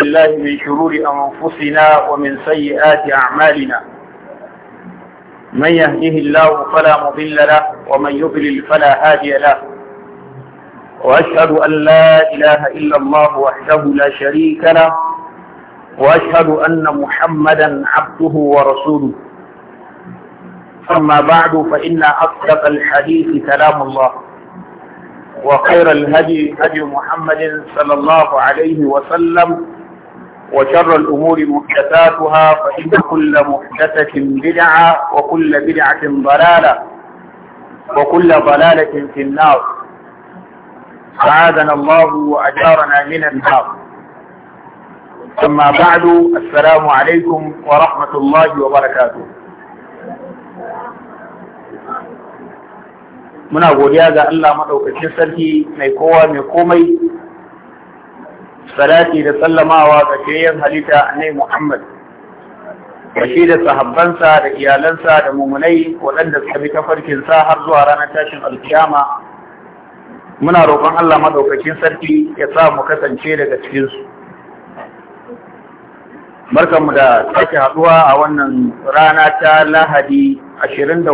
بالله من شرور أنفسنا ومن سيئات أعمالنا من يهده الله فلا مضل له ومن يضلل فلا هادي له وأشهد أن لا إله إلا الله وحده لا شريك له وأشهد أن محمدا عبده ورسوله أما بعد فإن أصدق الحديث كلام الله وخير الهدي هدي محمد صلى الله عليه وسلم وشر الأمور محدثاتها فإن كل محدثة بدعة وكل بدعة ضلالة وكل ضلالة في النار فعاذنا الله وأجارنا من النار ثم بعد السلام عليكم ورحمة الله وبركاته muna godiya ga Allah madaukakin sarki mai kowa mai komai salati da sallamawa ga shayyan halitta anai Muhammad da shi da sahabbansa da iyalansa da mumunai waɗanda suka bi ta sa har zuwa ranar tashin alkiyama muna roƙon Allah maɗaukacin sarki ya sa mu kasance daga cikin su barkanmu da sake haɗuwa a wannan rana ta Lahadi 24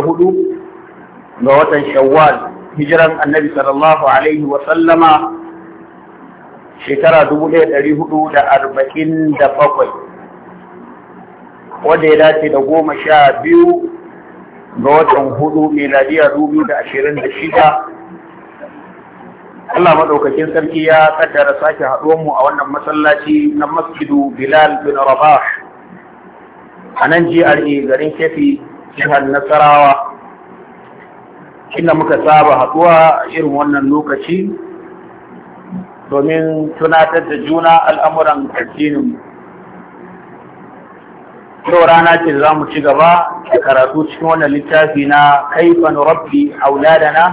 ga watan Shawwal hijiran Annabi sallallahu alaihi wa sallama shekara dubu ɗaya da da ɗari arba'in bakwai wanda ya dace da goma sha biyu ga watan hudu miladiya shida. Allah maɗaukakin sarki ya kaddara sake mu a wannan masallaci na masjidu Bilal bin Rabah a nan GRE garin Kefi jihar Nasarawa inda muka saba haɗuwa a irin wannan lokaci domin tunatar da juna al'amuran addinin yau rana ce za mu ci gaba da karatu cikin wannan littafi na kaifan rabbi auladana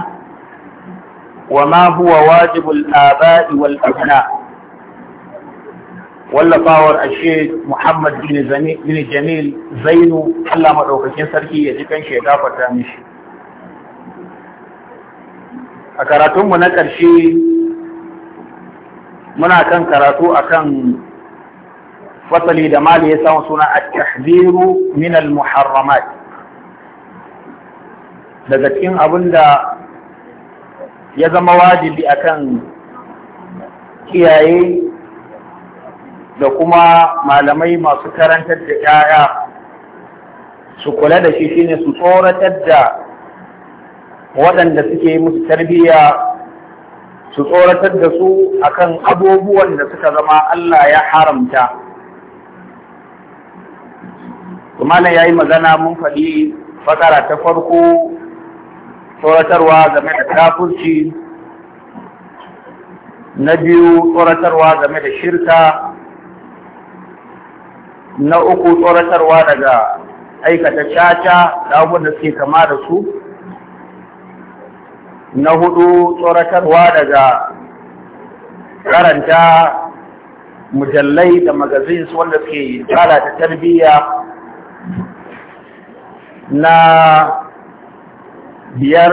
wa ma huwa wajibul aba'i wal abna wallafawar ashe Muhammad bin Jamil Zainu Allah maɗaukakin sarki ya ji kan ya mishi a karatunmu na ƙarshe muna kan karatu akan fasali da mali ya samu suna at-tahziru min al-muharramat daga cikin abin da ya zama wajibi akan kiyaye da kuma malamai masu karantar da 'ya'ya su kula da shi shine su tsoratar da waɗanda suke musu tarbiyya su tsoratar da su akan abubuwan da suka zama Allah ya haramta kuma ya yi magana mun faɗi fakara ta farko tsoratarwa game da kafurci na biyu tsoratarwa game da shirka na uku tsoratarwa daga aikata caca da abubuwan da suke kama da su na hudu tsoratarwa daga karanta mujallai da magazins wanda suke lalata tarbiyya na biyar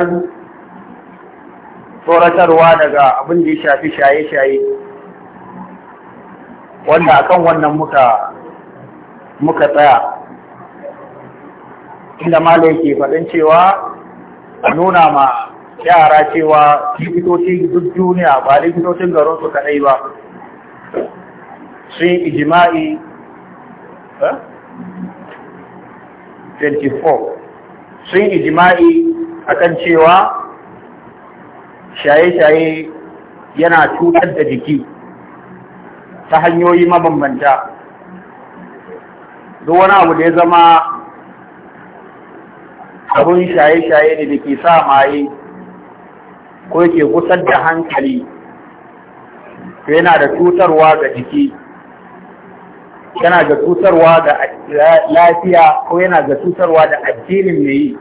tsoratarwa daga abin da ya shafi shaye-shaye wanda akan wannan muka muka tsaya inda mala yake faɗin cewa a nuna ma yara cewa likitocin duk duniya ba likitocin garin su kadai ba sun ijima'i 24 sun ijima'i akan cewa shaye-shaye yana cutar da jiki ta hanyoyi mabambanta duk wani abu da ya zama abun shaye-shaye ne da ke sa maye ko yake gusar da hankali to yana da cutarwa ga jiki yana da cutarwa ga lafiya ko yana da cutarwa da addinin mai yi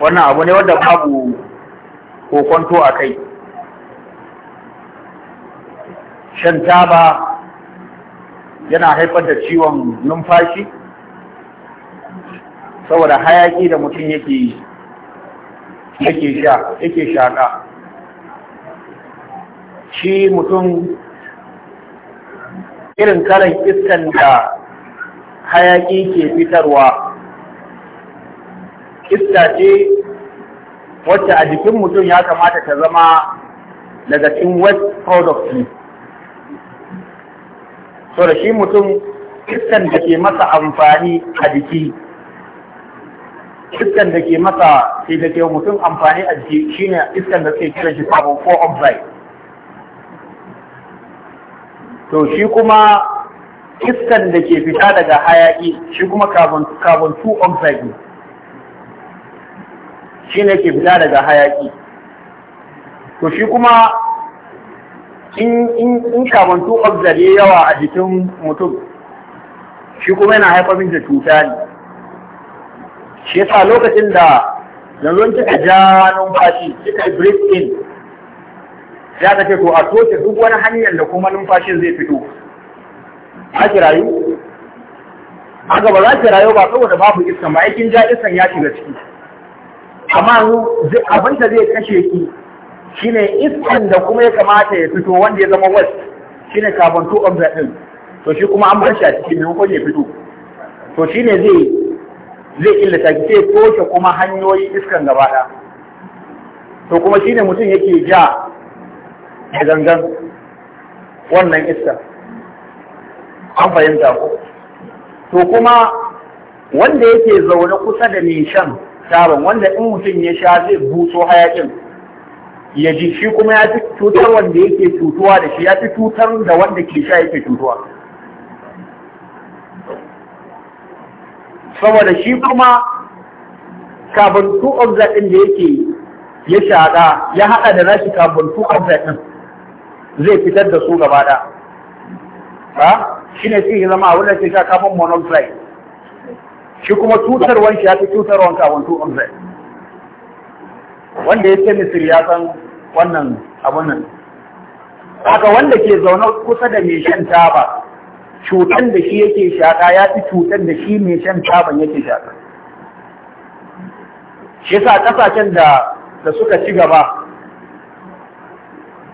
wannan abu ne wanda babu kokonto a kai shan taba yana haifar da ciwon numfashi saboda hayaki da mutum yake yi yake sha yake shaƙa shi mutum irin kalan iskan da hayaƙi ke fitarwa iska ce wacce a jikin mutum ya kamata ta zama daga cikin west product ne so da shi mutum iskan da ke masa amfani a jiki iskan da ke masa sai da ke mutum amfani a jiki shine iskan da ke kira shi carbon dioxide to shi kuma iskan da ke fita daga hayaki shi kuma carbon carbon dioxide ne shine ke fita daga hayaki to shi kuma in in in carbon dioxide yawa a jikin mutum shi kuma yana haifar da cuta ne shi yasa lokacin da yanzu kika ja numfashi kika breathe in ya ta ce to a toshe duk wani hanyar da kuma numfashin zai fito a ki rayu haka ba za ki rayu ba saboda babu iska, ba aikin ja iskan ya shiga ciki amma abin da zai kashe ki shine iskan da kuma ya kamata ya fito wanda ya zama west shine carbon two oxide din to shi kuma an bar shi a cikin ya fito to shine zai zai illata ki sai toshe kuma hanyoyi iskan gaba ɗaya to kuma shine mutum yake ja da gangan wannan iska an fahimta ko to kuma wanda yake zaune kusa da nishan shan taron wanda in mutum ya sha zai buso hayakin ya ji shi kuma ya fi cutar wanda yake cutuwa da shi ya fi cutar da wanda ke sha yake cutuwa saboda shi kuma carbon two oxide ɗin da yake ya shaɗa ya haɗa da nashi carbon two oxide ɗin zai fitar da su gaba ɗaya ba shi ne suke zama a da ke sha carbon monoxide shi kuma cutarwan shi ya fi cutarwan carbon two oxide wanda ya ce misir ya san wannan abunan haka wanda ke zaune kusa da mai shan taba cutan da shi yake shaƙa ya fi cutan da shi mai shan taban yake shaƙa shi sa ƙasashen da suka ci gaba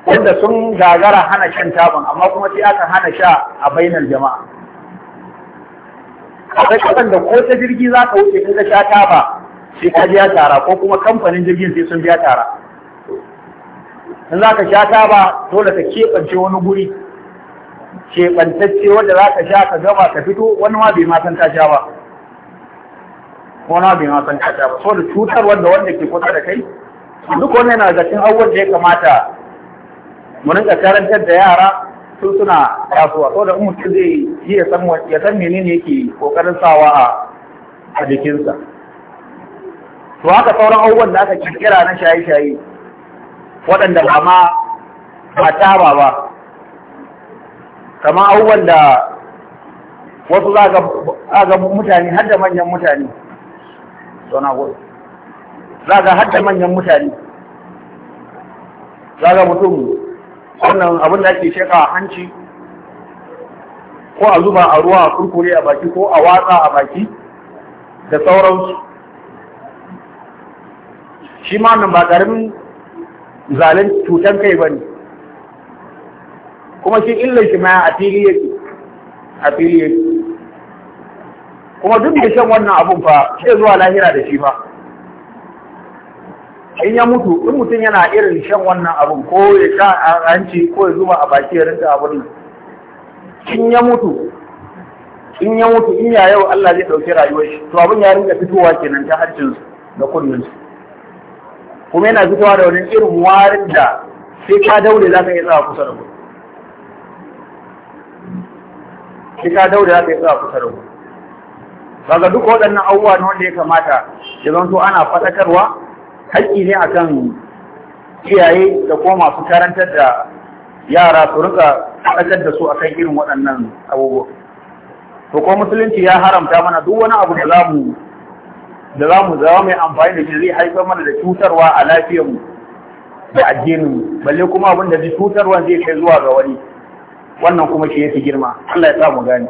wanda sun gagara hana shan taban amma kuma sai aka hana sha a bainar jama'a a kasan da ko ta jirgi za ka wuce in ka sha taba sai ka biya tara ko kuma kamfanin jirgin sai sun biya tara in za ka sha taba dole ka keɓance wani guri keɓantacce wadda za ka sha ka gaba ka fito wani ma bai ma san ka sha ba wani ma bai ma san ka sha ba saboda cutar wanda wanda ke kusa da kai duk wannan yana zakin abubuwan da ya kamata mu rinka karantar da yara tun suna tasowa saboda in mutum zai yi ya san mene ne menene yake kokarin sawa a jikinsa to haka sauran abubuwan da aka kira na shaye-shaye waɗanda ba ma ba ba ba kama abubuwan da wasu za ga mutane hada manyan mutane suna wuri za ga har manyan mutane za ga mutum wannan abin da ake sheka a hanci ko a zuba a ruwa a kurkure a baki ko a watsa a baki da sauransu shi ma nan ba ƙaramin zalin cutan kai ba ne kuma shi illar shi ma a fili yake a fili yake kuma duk da shan wannan abun fa sai zuwa lahira da shi ba in ya mutu in mutum yana irin shan wannan abun ko ya sha a hanci ko ya zuba a baki ya rinka abun nan in ya mutu in ya mutu in ya yau Allah zai ɗauki rayuwar shi to abin ya rinka fitowa kenan ta hancin da kullun su kuma yana fitowa da wani irin warin da sai ka daure za ka iya tsawa kusa da ku ita dauda za ta yi kusa da ku kaga duk waɗannan abubuwa na wanda ya kamata ya zanto ana faɗakarwa haƙƙi ne akan iyaye da kuma masu karantar da yara su rinka faɗakar da su akan irin waɗannan abubuwa to ko musulunci ya haramta mana duk wani abu da zamu da zamu za mu yi amfani da shi zai haifar mana da cutarwa a lafiyarmu da mu balle kuma abin da zai cutarwa zai kai zuwa ga wani wannan kuma shi yake girma Allah ya sa mu gane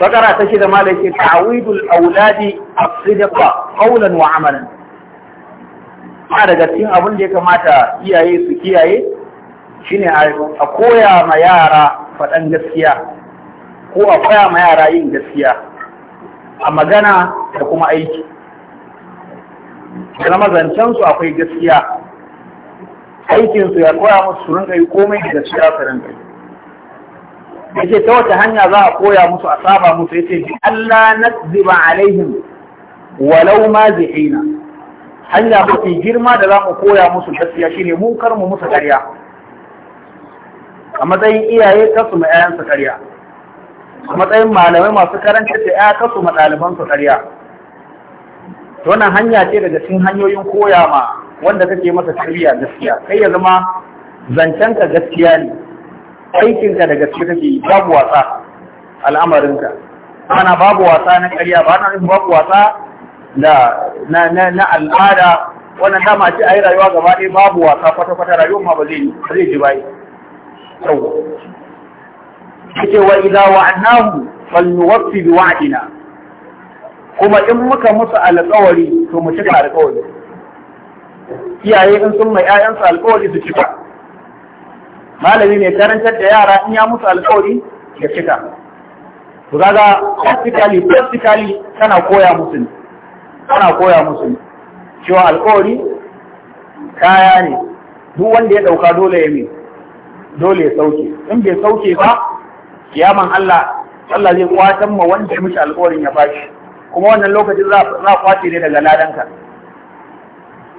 fakara ta shida malai ce ta'awidul auladi as-sidqa qawlan wa amalan ma daga cikin abin da ya kamata iyaye su kiyaye shine a koya ma yara faɗan gaskiya ko a koya ma yara yin gaskiya a magana da kuma aiki da na akwai gaskiya aikinsu ya koya musu su rinka yi komai da gaskiya su rinka yi yace ta wata hanya za a koya musu a saba musu ya yace bi Allah naziba alaihim walau ma zihina hanya mafi girma da za mu koya musu gaskiya shine mu kar mu musu karya. a matsayin iyaye ta su ma'ayan su a matsayin malamai masu karanta ta ya ta su ɗaliban su ƙarya wannan hanya ce daga cikin hanyoyin koya ma wanda kake masa tarbiya gaskiya kai ya zama zancenka gaskiya ne aikinka da gaske kake babu wasa al'amarinka ana babu wasa na ƙarya ba na babu wasa na al'ada wannan dama ce a yi rayuwa gaba ɗaya babu wasa kwata-kwata rayuwar ma ba zai ba zai ji bai yau kike wa idza wa'adnahu falnuwaffi bi wa'dina kuma in muka musu alƙawari to mu cika alƙawari iyaye in sun mai ƴaƴansu alƙawari su cika malami ne karantar da yara in ya musu alƙawari ya cika to kaga practically practically kana koya musu ne kana koya musu ne cewa alƙawari kaya ne duk wanda ya ɗauka dole ya mai dole ya sauke in bai sauke ba kiyaman Allah Allah zai kwatan ma wanda ya mishi alƙawarin ya bashi kuma wannan lokacin za a kwace ne daga ladanka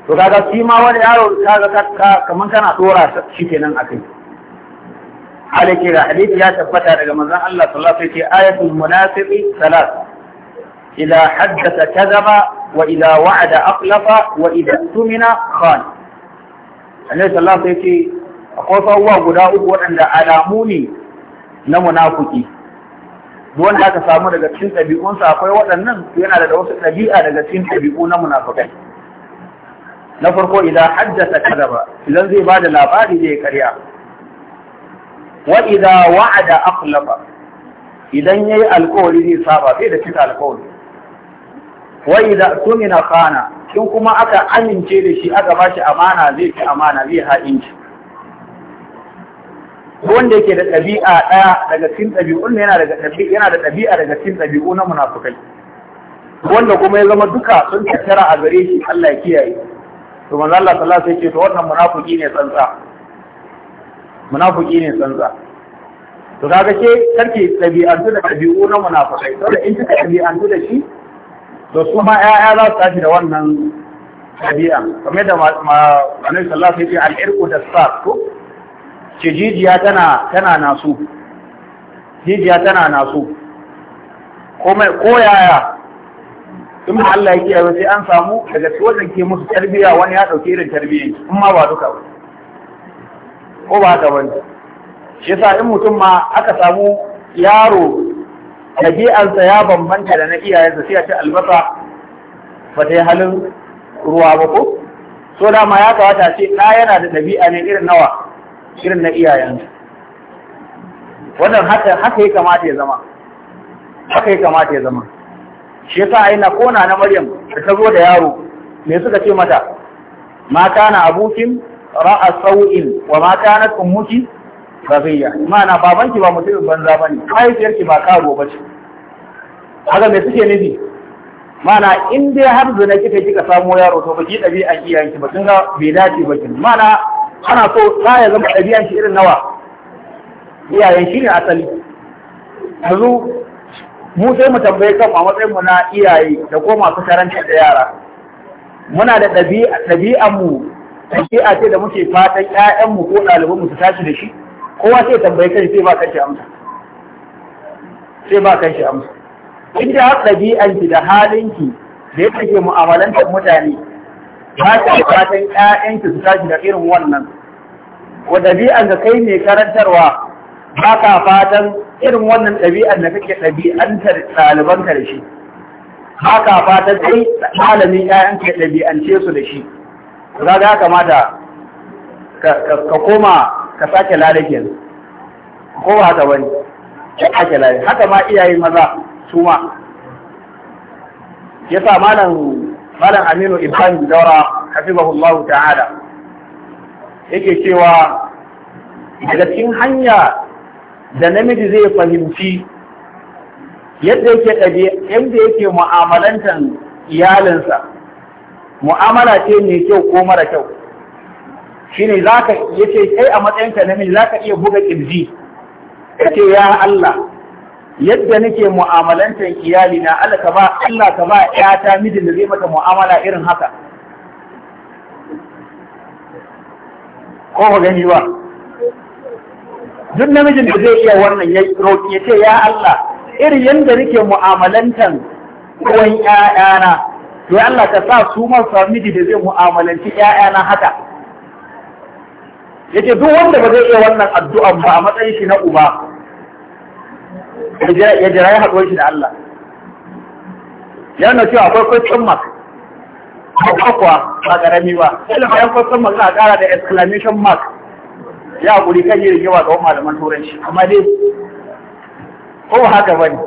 to kaga shi ma wani yaro kaga kaman kana dora shi kenan akai alaiki da hadisi ya tabbata daga manzon Allah sallallahu alaihi wasallam yace ayatul munafiqi salat idza haddatha kadhaba wa idza wa'ada aqlafa wa idza tumina khan Allah sallallahu alaihi yace akwai fawwa guda uku waɗanda alamu ne na munafiki duk wanda aka samu daga cikin ɗabi'unsa akwai waɗannan yana da wasu ɗabi'a daga cikin ɗabi'u na munafikai na farko idan haddasa kadaba idan zai ba da labari zai karya wa idan wa'ada akhlafa idan yayi alkawari zai saba sai da cika alkawari wa idan tumina khana in kuma aka amince da shi aka ba shi amana zai ci amana zai ha'inci wanda yake da ɗabi'a ɗaya daga cikin ɗabi'un yana daga yana da ɗabi'a daga cikin ɗabi'u na munafukai wanda kuma ya zama duka sun tattara a gare shi Allah ya kiyaye to manzo Allah sallallahu alaihi wasallam ya ce to wannan munafiki ne tsantsa munafiki ne tsantsa to kaga ke karki ɗabi'antu da ɗabi'u na munafikai da in kika ɗabi'antu da shi to su ma ƴaƴa za su tafi da wannan ɗabi'a kamar da annabi sallallahu alaihi wasallam ya ce al-irqu das ko ce jijiya tana tana nasu jijiya tana nasu komai ko yaya in ba Allah ya kiyaye sai an samu daga wajen ke musu tarbiyya wani ya dauke irin tarbiyyar in ma ba duka ba ko ba haka bane shi yasa in mutum ma aka samu yaro ɗabi'arsa ya bambanta da na iyayensa sai a ci albasa ba ta yi halin ruwa ba ko so dama ya kawata ce ɗa yana da ɗabi'a ne irin nawa irin na iyayensa wannan haka ya kamata ya zama haka ya kamata ya zama shi yasa aina kona na Maryam da ta zo da yaro me suka ce mata ma kana abukin ra'a sau'in wa ma kanat ummuki bagiya ma'ana babanki ba mutumin banza bane mahaifiyarki ba karo bace haka me suke nufi Mana in dai har zina kika kika samo yaro to baki ɗabi'an iyayenki ba kin ga bai dace ba kin ma'ana ana so ta ya zama ɗabi'an shi irin nawa iyayen shi ne asali yanzu mu sai mu tambaye kanmu a matsayin mu na iyaye da ko masu karantar da yara muna da ɗabi'an mu ɗabi'a ce da muke fatan ƴaƴan mu ko ɗaliban mu su tashi da shi kowa sai tambaye kai sai ba kanshi amsa sai ba kanshi amsa in da har ɗabi'an ki da halin ki da yadda ke mu'amalantar mutane ba ta fatan ƴaƴan ki su tashi da irin wannan wa ɗabi'an da kai ne karantarwa ba ka fatan irin wannan ɗabi'ar da kake ɗabi'antar ɗalibanka da shi ba ka fatan kai malamin ƴaƴanka ya ɗabi'ance su da shi za ka kamata ka koma ka sake lalace yanzu ko ba haka bane ka sake lalace haka ma iyaye maza su ma yasa malam malam Aminu Ibrahim Daura hafizahullahu ta'ala yake cewa daga cikin hanya da namiji zai fahimci yadda yake ɗabi yadda yake mu'amalantar iyalinsa mu'amala ce mai kyau ko mara kyau ka iya ce kai a matsayinka namiji ka iya buga ƙirji?' Ya ce ya Allah yadda nake mu'amalantar iyali na Allah ka ba Allah ka ba ƴata mijin da zai mata mu'amala irin haka ko ba gani ba duk namijin da zai iya wannan ya roƙi ya ce ya Allah irin yadda nake mu'amalantan uwan ƴaƴana to ya Allah ka sa su ma su miji da zai mu'amalanci ƴaƴana haka yace duk wanda ba zai iya wannan addu'an ba a matsayin shi na uba ya jira ya haɗuwar shi da Allah yana cewa akwai question mark ba kuwa ba ƙarami ba ilmi akwai question mark a ƙara da exclamation mark ya guri kan yi yawa ga malaman turanci amma dai ko haka bane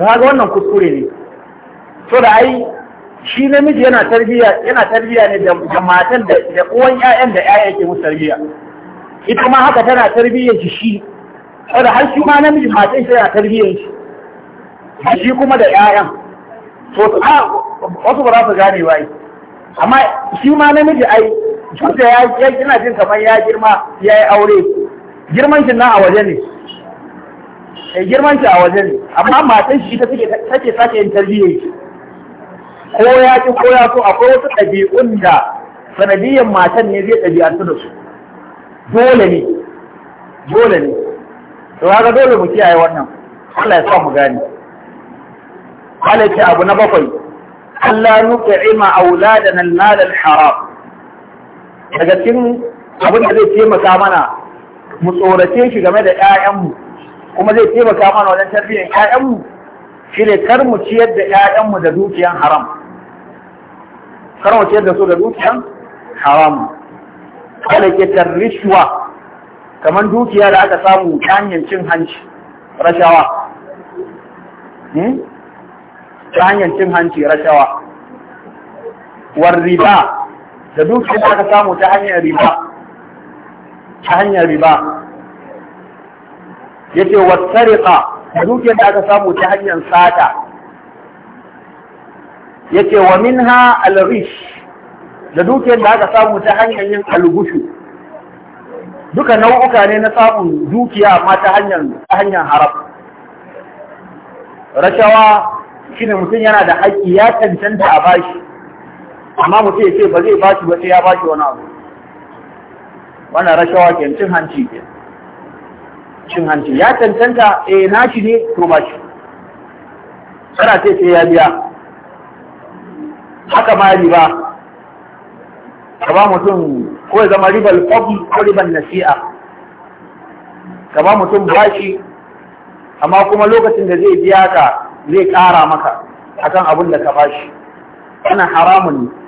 kaga wannan kuskure ne to da ai shi namiji yana tarbiya yana tarbiya ne da matan da da uwan ƴaƴan da ƴaƴa yake musu tarbiya ita ma haka tana tarbiyyar shi shi kada har shi ma namiji matan shi yana tarbiyyar shi shi kuma da ƴaƴan to a ah, wasu ba za su gane ba amma shi ma namiji ai duk da ya kina jin kamar ya girma ya yi aure girman shi nan a waje ne ya eh, girman shi a waje ne amma matan shi ita take take sake yin tarbiyya ko ya ki ko ya so akwai wasu ɗabi'un da sanadiyyar matan ne zai ɗabi'antu da su dole ne dole ne to haka dole mu kiyaye wannan Allah ya sa mu gane Allah ya ce abu na bakwai Allah nuqima auladan al-mal al-haram daga cikin abin da zai taimaka mana mu tsorace shi game da 'ya'yanmu kuma zai taimaka mana wajen tarbiyyar 'ya'yanmu shi ne kar mu ciyar da 'ya'yanmu da dukiyan haram kar mu ciyar da su da dukiyan haram kada ke tarrishwa kamar dukiya da aka samu ta hanyar cin hanci rashawa hmm? ta hanyar cin hanci rashawa war riba da dukkan da aka samu ta hanyar riba ta hanyar riba yace wasariqa da dukkan da aka samu ta hanyar sata yace wa minha al-rish da dukkan da aka samu ta hanyar yin algushu duka nau'uka ne na samun dukiya amma ta hanyar ta hanyar haram rashawa shine mutum yana da haƙƙi ya cancanta a bashi amma mutum ya ce ba zai bashi ba sai ya bashi wani abu wannan rashawa ke cin hanci ke cin hanci ya cancanta na eh, nashi ne to bashi kana ce sai ya biya haka ma riba ka ba mutum ko ya zama ribar kwabi ko ribar nasi'a ka ba mutum bashi amma kuma lokacin da zai biya ka zai ƙara maka akan abin da ka bashi wannan haramun ne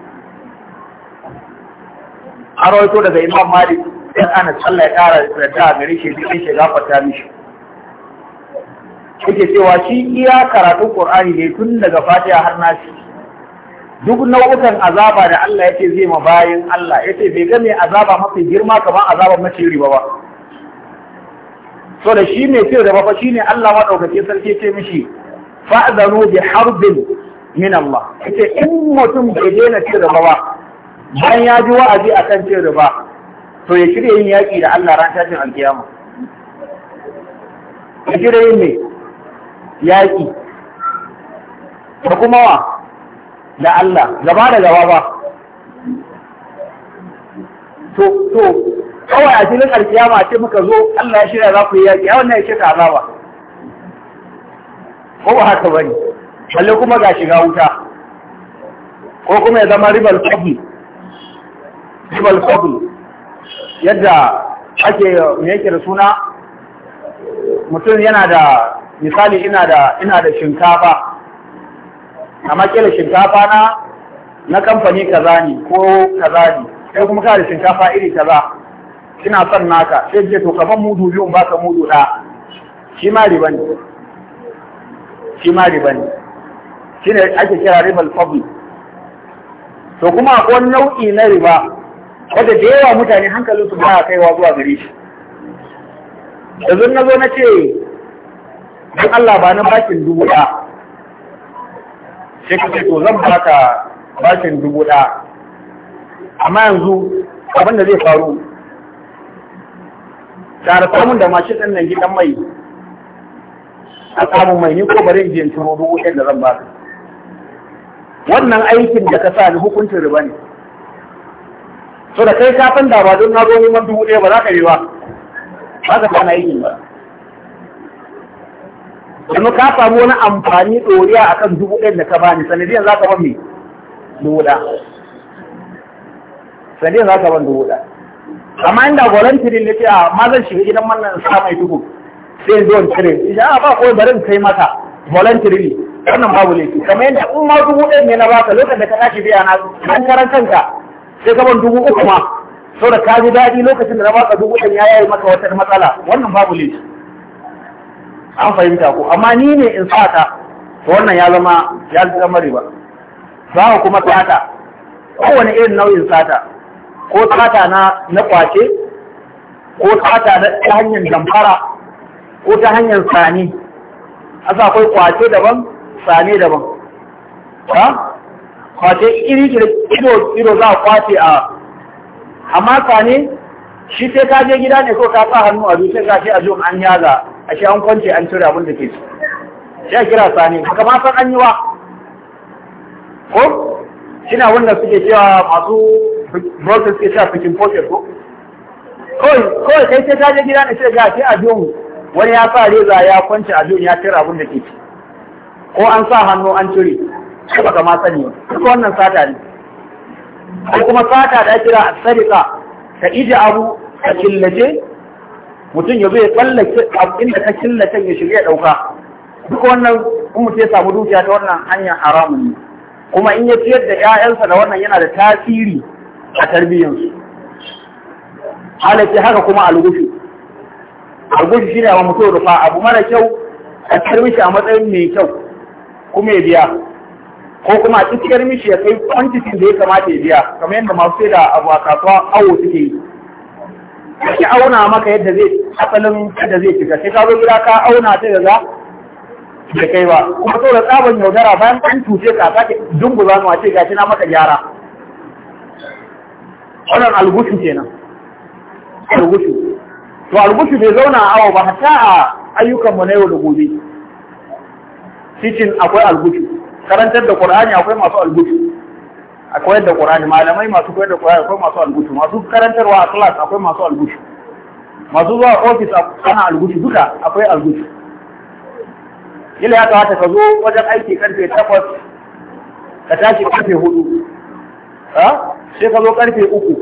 an daga imam malik dan ana tsalla ya kara da gare shi sai shi gafarta mishi yake cewa shi iya karatun qur'ani ne tun daga fatiha har nasi duk nau'ukan azaba da Allah yake zai ma bayan Allah yace bai ga mai azaba mafi girma kamar azaban mace riba ba so da shi mai cin da fa ne Allah maɗaukaki sarki ce mishi fa'azano bi harbin min Allah yace in mutum bai daina fiye da ba bayan ya ji wa'azi a kan cin riba to ya shirya yin yaƙi da Allah ran tashin alkiyama ya shirya yin ne yaƙi da kuma wa da Allah gaba da gaba ba to to kawai a filin alkiyama ce muka zo Allah ya shirya za ku yi yaƙi a wannan ya ce azaba ko ba haka ne? balle kuma ga shiga wuta ko kuma ya zama ribar kafi jibal fadl yadda ake yake da suna mutum yana da misali ina da ina da shinkafa amma kila shinkafa na na kamfani kaza ne ko kaza ne sai kuma kada shinkafa iri kaza kina son naka sai je to kafan mudu biyu ba ka mudu da shi ma riba ne shi ma riba ne shine ake kira ribal fadl to kuma akwai nau'i na riba wadda da yawa mutane su ba a kaiwa zuwa gare shi yanzu na zo na ce don Allah ba na bakin dubu ɗa shi ka to zan baka bakin dubu ɗa amma yanzu abin da zai faru tare samun da mashi ɗan nan gidan mai a samun mai ni ko bari in je turo dubu ɗin da zan baka wannan aikin da ka sa ni hukuncin riba ne so da kai kafin da ba don na zo neman dubu ɗaya ba za ka yi ba ba ka kana yi ba kuma ka samu wani amfani ɗoriya a kan dubu ɗaya da ka bani sanadiyan za ka ban mai dubu ɗaya sanadiyan za ka ban dubu ɗaya amma inda volunteer ne ce a ma zan shiga gidan wannan sa mai dubu sai zo in cire idan a ba ko bari in kai mata ne wannan babu laifi kamar yadda in ma dubu ɗaya ne na baka lokacin da ka tashi biya na kankaran kanka sai ban dubu uku ma saboda ka ji daɗi lokacin da na baka dubu ɗan ya yi maka wata matsala wannan babu laifi an fahimta ko amma ni ne in sa ta wannan ya zama ya zama riba za ku kuma sata kowane irin nau'in sata ko sata na na kwace ko sata na ta hanyar damfara ko ta hanyar sani asa akwai kwace daban sani daban kwace iri ido ido za a kwace a amma kwane shi sai ka je gida ne ko ka sa hannu a dutse ka ce a jom an yaga a shi an kwance an cire abin da ke ci shi a kira sani haka ma san an yi wa ko shina wanda suke cewa masu brothers suke cewa fikin poke ko kawai kai sai ka je gida ne sai ga ce a jom wani ya sa reza ya kwance a jom ya cire abin da ke ko an sa hannu an cire sai ga ma sani duk wannan sata ne ko kuma sata da kira asarika ka ije abu ka killace mutum ya bai ya tsallake inda ka killace ya shirya ya dauka duk wannan in mutum ya samu dukiya ta wannan hanyar haramun ne kuma in ya ciyar da 'ya'yansa da wannan yana da tasiri a tarbiyyarsu halaki haka kuma algushu algushu shine wa mutum rufa abu mara kyau a tarbishi a matsayin mai kyau kuma ya biya ko kuma a tsakiyar mishi ya kai kwantitin da ya kamata ya biya kamar yadda masu sai da abu a kasuwa awo suke yi sai auna maka yadda zai asalin yadda zai shiga sai ka zo gida ka auna ta da za da kai ba kuma saboda tsaban yaudara bayan kan cuce ka sake dunguza mu a ce gashi na maka gyara wannan algushu kenan algushu to algushu bai zauna a awo ba hatta a ayyukan mu na yau da gobe cikin akwai algushu karantar da Qur'ani akwai masu albutu a koyar da Qur'ani malamai masu koyar da Qur'ani akwai masu albutu masu karantarwa a class akwai masu albutu masu zuwa ofis ana albutu duka akwai albutu ila ya kamata ka zo wajen aiki karfe takwas ka tashi karfe 4 ha sai ka zo karfe uku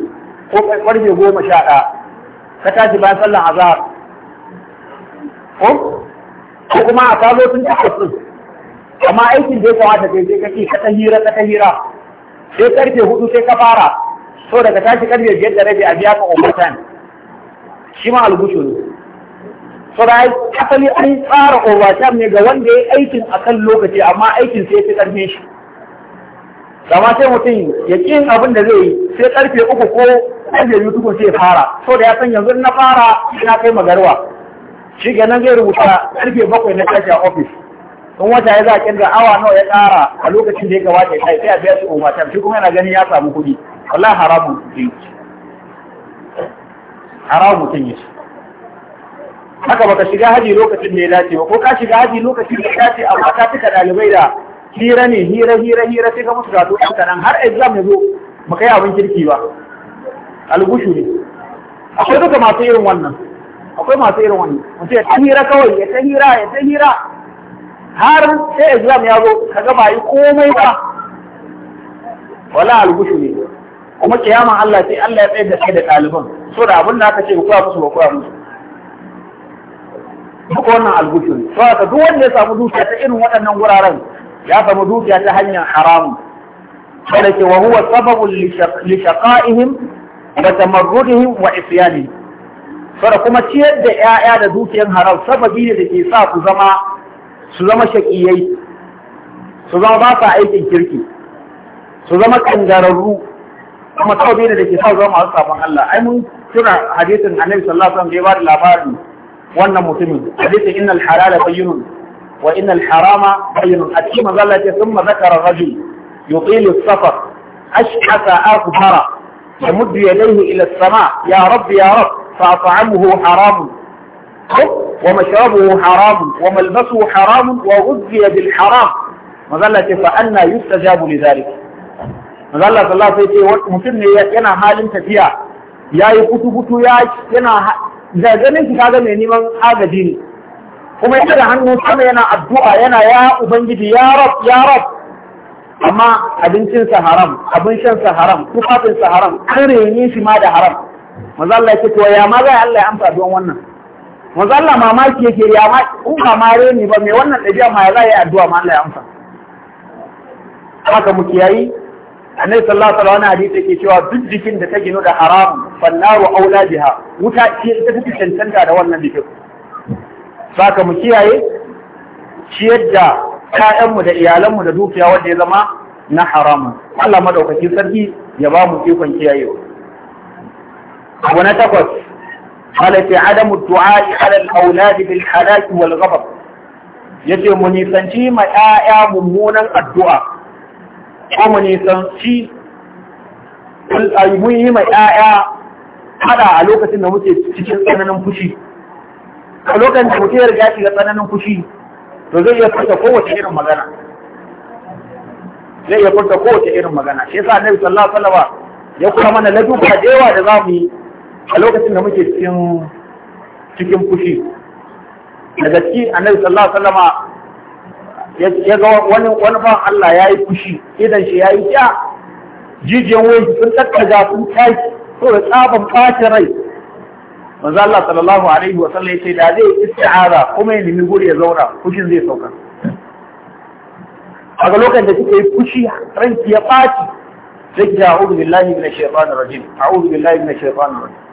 ko karfe goma ka tashi bayan sallan azhar ko kuma a kazo sun ci ɗin amma aikin da ya kamata kai sai kake ka ta hira ka ta hira sai karfe hudu sai ka fara so daga tashi karfe biyar da rabi a biya ka overtime shi ma albushu ne so da asali an tsara overtime ne ga wanda ya aikin a kan lokaci amma aikin sai fi karfe shi Gama sai mutum ya yin abin da zai yi sai karfe uku ko karfe biyu tukun sai fara so da ya san yanzu na fara ya kai magarwa shi kenan zai rubuta karfe bakwai na tashi a ofis in wata ya za a kirga awa nawa ya ƙara a lokacin da ya gabata ya sai a biya su overtime shi kuma yana ganin ya samu kuɗi wallahi haramun mutum yi haramun mutum yi haka baka shiga haji lokacin da ya dace ba ko ka shiga haji lokacin da ya dace amma ka tuka dalibai da hira ne hira hira hira sai ka musu gato ɗan kaɗan har exam ya zo ba kai abin kirki ba algushu ne akwai duka masu irin wannan akwai masu irin wannan mutum ya ta hira kawai ya ta hira ya ta hira har sai exam ya zo ka gama ba yi komai ba wala algushu ne kuma kiyaman Allah sai Allah ya tsaye da kai da ɗaliban so da abin da aka ce ku koya musu ba koya musu duk wannan algushu ne so haka duk wanda ya samu dukiya ta irin waɗannan wuraren ya samu dukiya ta hanyar haramun kada ke wa huwa sababun li shaqa'ihim wa tamarrudihim wa isyanihim saboda kuma ciyar da 'ya'ya da dukiyar haram sababi ne da ke sa ku zama su zama shakiyai su zama ba sa aikin kirki su zama kangararru kuma tawbi da ke sa zama masu sabon Allah ai mun kira hadisin Annabi sallallahu alaihi wasallam da ya ba da labarin wannan mutumin hadisin innal halala bayyinun wa innal harama bayyinun a cikin manzo Allah ya thumma zakara rajul yutilu as-safar ashqasa akbara yamuddu yadayhi ila as-sama ya rabbi ya rabbi fa ta'amuhu haramun ومشربه حرام وملبسه حرام وغذي بالحرام mazalla fa anna yustajabu li zalik mazalla sallallahu alaihi wasallam mutum ne yana halin tafiya yayi kutu kutu ya yana da ganin shi kaga mai neman agaji ne kuma yana da hannu sama yana addu'a yana ya ubangiji ya rab ya rab amma abincin sa haram abin haram tufafin sa haram an rene shi da haram mazalla yake to ya amsa wannan manzo Allah mamaki yake ya ma in ba ma reni ba me wannan dabi'a ma ya zai addu'a ma Allah ya amsa haka muke yayi annabi sallallahu alaihi wasallam hadisi yake cewa duk jikin da ta gino da haram fannaru aula biha wuta ce ita take cancanta da wannan jikin saka mu kiyaye ciyar da ƴaƴanmu da iyalanmu da dukiya wanda ya zama na haram Allah madaukakin sarki ya ba mu ikon kiyayewa abu na takwas halatta adamu du'a'i ala auladi bil halaki wal ghadab yace mu nisanci ma ƴaƴa mummunan addu'a ko mu nisanci mun yi ma ƴaƴa hada a lokacin da muke cikin tsananin fushi a lokacin da muke riga shiga tsananin fushi to zai iya furta kowace irin magana zai iya furta kowace irin magana annabi ya kula mana laduka da yawa da zamu yi a lokacin da muke cikin cikin fushi da gaske annabi sallallahu alaihi wasallama ya ga wani wani ban Allah yayi fushi idan shi yayi ja jijiyan wani sun takkaja sun tashi to da tsaban fata rai manzo Allah sallallahu alaihi wasallam sai da zai isti'aza kuma ya nemi guri ya zauna fushin zai sauka a ga lokacin da kike fushi ranki ya baci sai ki a'udhu billahi minash shaitanir rajim a'udhu billahi minash shaitanir rajim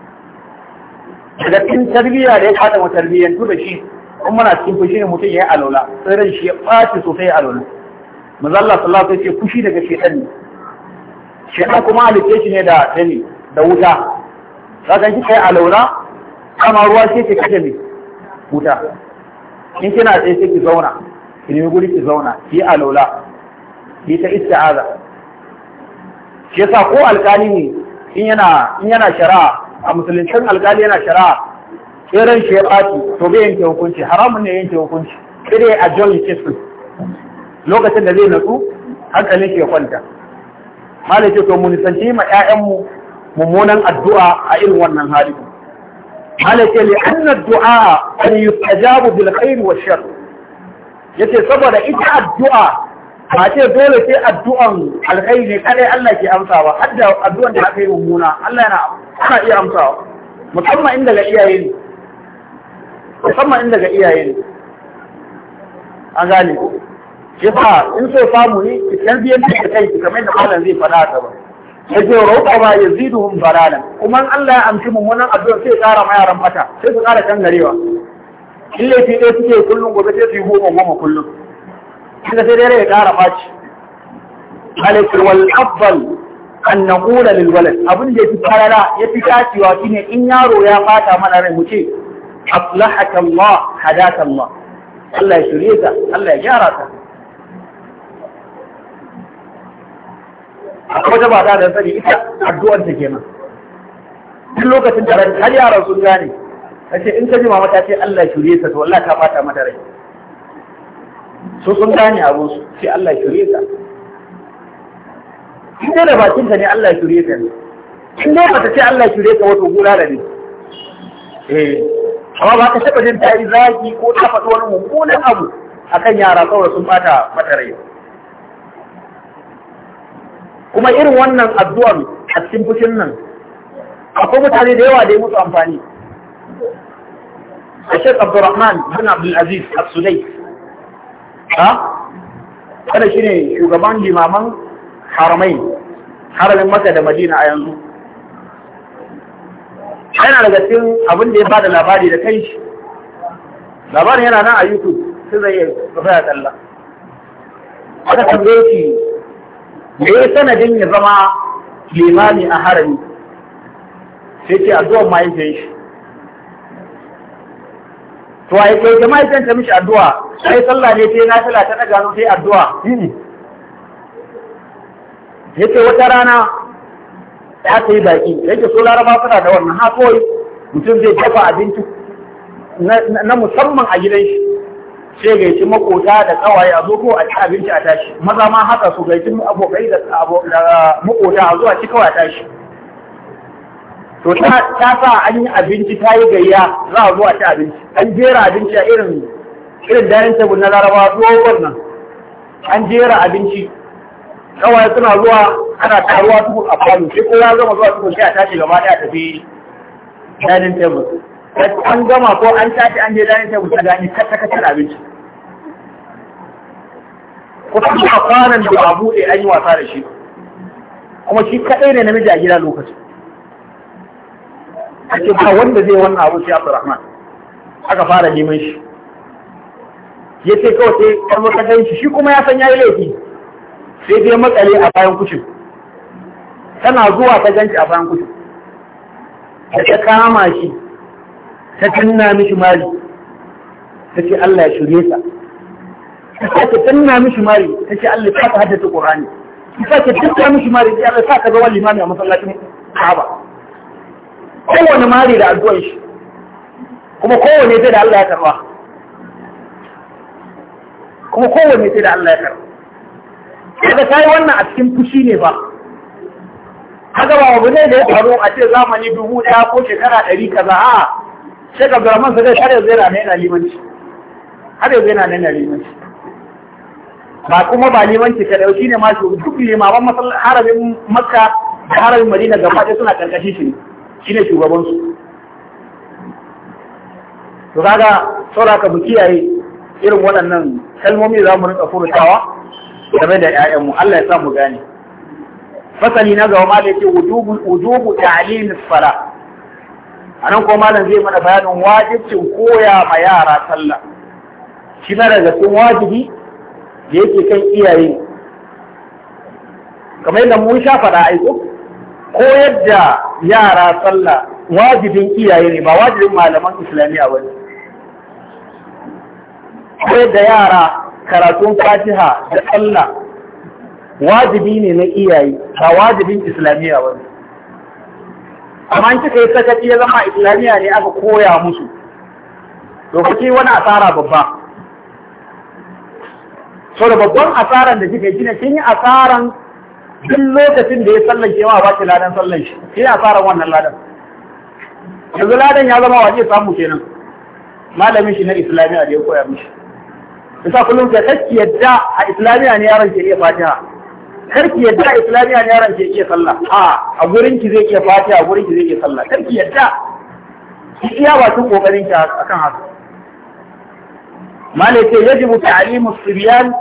daga cikin tarbiyya da ya kada mu tarbiyyantu da shi kuma muna cikin fushi ne mutum ya yi alola sai ran shi ya fati sosai ya alola manzo Allah sallallahu alaihi wasallam kushi daga shaytan ne shaytan kuma halitta shi ne da tani da wuta kaga shi kai alola kama ruwa shi ke kaje ne wuta in kina tsaye sai ki zauna ki nemi guri ki zauna ki yi alola ki ta isti'aza shi yasa ko alkali ne in yana in yana shari'a a musuluncin alkali yana shari'a tseren shi ya ɓaci to bai yanke hukunci haramun ne yanke hukunci sai a john kisu lokacin da zai natsu hankalin shi ya kwanta malai ce to mu nisanci ma 'ya'yanmu mummunan addu'a a irin wannan hali malai ce li'anna du'a an yustajabu bil khair wa shar yace saboda ita addu'a ba ce dole sai addu'an alkhairi kadai Allah ke amsa ba hadda addu'an da aka yi mummuna Allah yana ana iya amsawa musamman inda ga iyaye ne musamman inda ga iyaye ne an gane ko shi fa in so samu ne ki tarbiyyar da kai ki kamar da malam zai faɗa ta ba ya ce roƙa ba ya ziduhum balalan kuma Allah ya amshi mummunan addu'a sai ƙara ma yaran fata sai su ƙara kangarewa in laifi ɗaya suke kullum gobe sai su yi goma goma kullum kaga sai dai ya ƙara faci alaikul wal afdal an naqula lil walad abin da ya fi yafi ya fi tacewa shine in yaro ya fata mana rai mu ce aslahaka Allah hadaka Allah Allah ya shirye ka Allah ya gyara ka akwai wata ba da sani ita addu'ar ta kenan duk lokacin da har yaran sun gane kace in ka ji mama ta ce Allah ya shirye ta to wallahi ta fata mata rai so sun gane abun su sai Allah ya shirye ka in dai da bakin ta ne Allah ya shirye ka ne in dai bata ce Allah ya shirye ka wato gura da ne eh amma ba ka taba jin ta yi zaki ko ta faɗi wani mummunan abu akan yara kawai sun bata mata rai kuma irin wannan addu'ar a cikin fushin nan akwai mutane da yawa da ya mutu amfani a shek abdurrahman bin abdulaziz a sudai ha kada shi ne shugaban limaman haramai haramin maka da madina a yanzu yana daga cikin abin da ya bada labari da kai shi labarin yana nan a youtube sai zai iya ya tsalla aka tambaye shi me ya sanadin ya zama limami a harami sai ce ma yake shi to a yi kai ta mahaifiyar ta mishi addu'a sai sallah ne sai na sallah ta daga sai addu'a yace wata rana da aka yi baki yake so laraba suna da wannan ha mutum zai dafa abinci na musamman a gidan shi sai gaici makota da kawaye a zo ko a ci abinci a tashi maza ma haka su gaici abokai da makota a zo a ci kawai a tashi to ta sa an yi abinci ta yi gayya za a zo a ci abinci an jera abinci a irin irin daren tabu na laraba tsohon nan an jera abinci kawai suna zuwa ana taruwa tukun a falo sai ya zama zuwa tukun sai a tashi gaba ɗaya tafi dining table an gama ko an tashi an je dining table ta gani kacce kacce abinci kuma shi a kwanan da ba buɗe an yi wasa da shi kuma shi kaɗai ne namiji a gida lokaci ake ba wanda zai wannan abu abu rahman aka fara neman shi ya ce kawai sai karmar kadan shi shi kuma ya san ya yi laifi sai dai matsale a bayan kushin tana zuwa ta ganci a bayan kushin da ta kama shi ta tunna mishi mari ta ce Allah ya shirye ta ta sake tunna mishi mari ta ce Allah ya ka haddace Qur'ani ta sake tunna mishi mari ta Allah ya ka ga wani limami a masallacin Kaaba kowane mari da addu'ar shi kuma kowane sai da Allah ya karba kuma kowane sai da Allah ya karba ka yi wannan a cikin fushi ne ba kaga ba wa ne da ya faru a ce zamani dubu ɗaya ko shekara ɗari kaza a shek abdurrahman sai har yanzu yana nan yana limanci har yanzu yana nan limanci ba kuma ba limanci ka dauki ne ma duk limaman harabin makka da harabin madina gaba ɗaya suna karkashin shi ne shine shugaban su to kaga saboda ka mu kiyaye irin waɗannan kalmomi za mu rinka furtawa game da ƴaƴanmu Allah ya sa mu gane fasali na gaba malam yace wujubu wujubu ta'limi anan ko malam zai mana bayanin wajibin koya ma yara sallah shi na daga cikin wajibi da yake kan iyaye kamar yadda mun sha faɗa aiko koyar da yara sallah wajibin iyaye ne ba wajibin malaman islamiyya ba ne koyar da yara karatun fatiha da Allah wajibi ne na iyaye ba wajibin islamiyya ba amma in kika yi sakaci ya zama islamiyya ne aka koya musu to kake wani asara babba so da babban asaran da kika yi shine kin yi asaran duk lokacin da ya sallan kewa ba ki ladan sallan shi kin yi asaran wannan ladan yanzu ladan ya zama waje samu kenan malamin shi na islamiyya da ya koya mishi isa kullum kar ki yadda a islamiya ne yaron ke iya fatiha ki yadda a islamiya ne yaron ke iya sallah a a gurin ki zai iya fatiha a gurin ki zai iya sallah ki yadda ki iya bakin kokarin ki akan haka malai ce yajibu ta'limu sibyan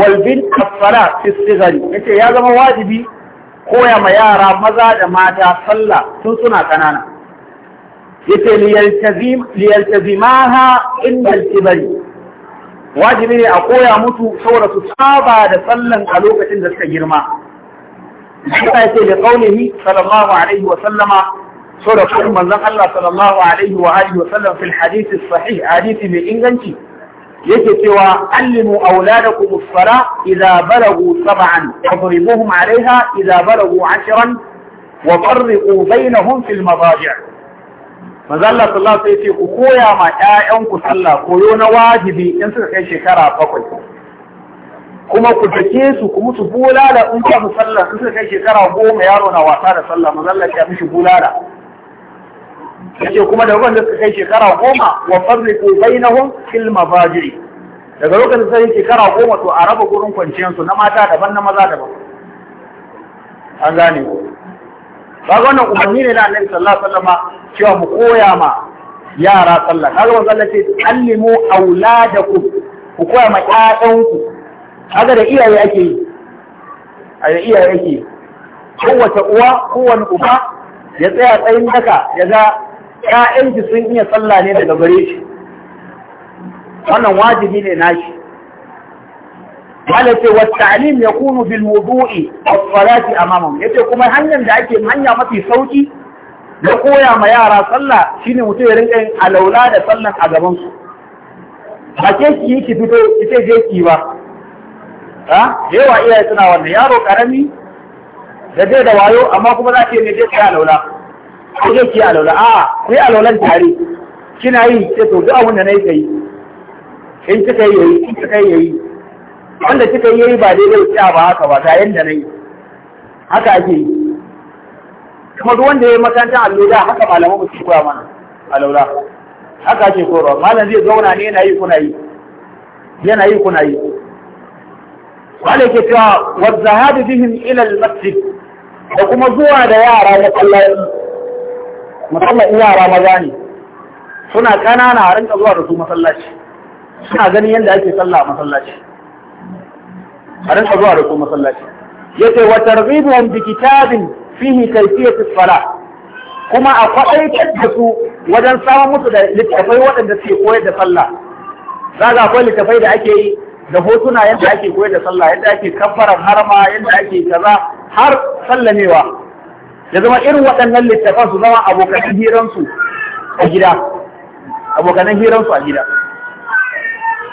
wal bint as-salat fi as yace ya zama wajibi koya ma yara maza da mata sallah tun suna kanana yace liyaltazim liyaltazimaha inda al wajibi ne a koya mutu saboda su saba da sallan a lokacin da suka girma haka yace da qaulihi sallallahu alaihi wa sallama da kuma manzon Allah sallallahu alaihi wa alihi wa sallam fil sahih hadisi mai inganci yake cewa allimu auladakum as-sala idza balagu sab'an fadribuhum 'alayha idza balagu 'ashran wa farriqu bainahum fil madaji' manzo Allah sallallahu alaihi wasallam ku koya ma ƴaƴanku sallah koyo na wajibi in suka kai shekara bakwai kuma ku dake su ku musu bulala in ka sallah in suka kai shekara goma yaro na wasa da sallah manzo Allah ya mishi bulala ce kuma da wanda suka kai shekara goma wa farriqu bainahum fil mabaji daga lokacin sai shekara goma to a raba gurin kwanciyansu na mata daban na maza daban an gane ku kaga wannan umarni ne na annabi sallallahu alaihi wasallam cewa mu koya ma yara sallah kaga wannan Allah ce allimu auladakum ku koya ma ƴaƴanku kaga da iyaye ake yi a iyaye ake yi kowace uwa kowane uba ya tsaya tsayin daka ya ga ƴaƴanki sun iya sallah ne daga gare shi wannan wajibi ne nashi wala ce wa ta'lim yakunu bil wudu'i was salati amamahum yace kuma hanyar da ake hanya mafi sauki na koya ma yara sallah shine mutum ya rinka yin alaula da sallan a gaban su ba ke ki yi ki fito ita je ki ba ha yawa iyaye suna wannan yaro karami da zai da wayo amma kuma za ki yi ne je ki alaula ko je ki alaula a ku yi alaulan tare kina yi sai to duk abin da nayi kai in kika yi yayi in kika yi wanda kika yi ba daidai tsaya ba haka ba ta na yi. haka ake yi kuma duk wanda ya yi makarantar alloda haka malaman mu suke koya mana alaula haka ake koyarwa malam zai zauna ne yana yi kuna yi yana yi kuna yi wanda ke cewa wadda zahabi bihim ilal al-masjid da kuma zuwa da yara masallaci musamman yara maza ne suna kanana a rinka zuwa da su masallaci suna ganin yadda ake sallah a masallaci a rinka zuwa da ko masallaci yace wa targhibuhum bi kitabin fihi kayfiyatu salah kuma a kwaɗaitar da su wajen samun musu da littafai waɗanda suke koyar da sallah za ga akwai littafai da ake yi da hotuna yadda ake koyar da sallah yadda ake kabbarar harma yadda ake kaza har sallamewa ya zama irin waɗannan littafan su zama abokan hiransu a gida Abokan hiransu a gida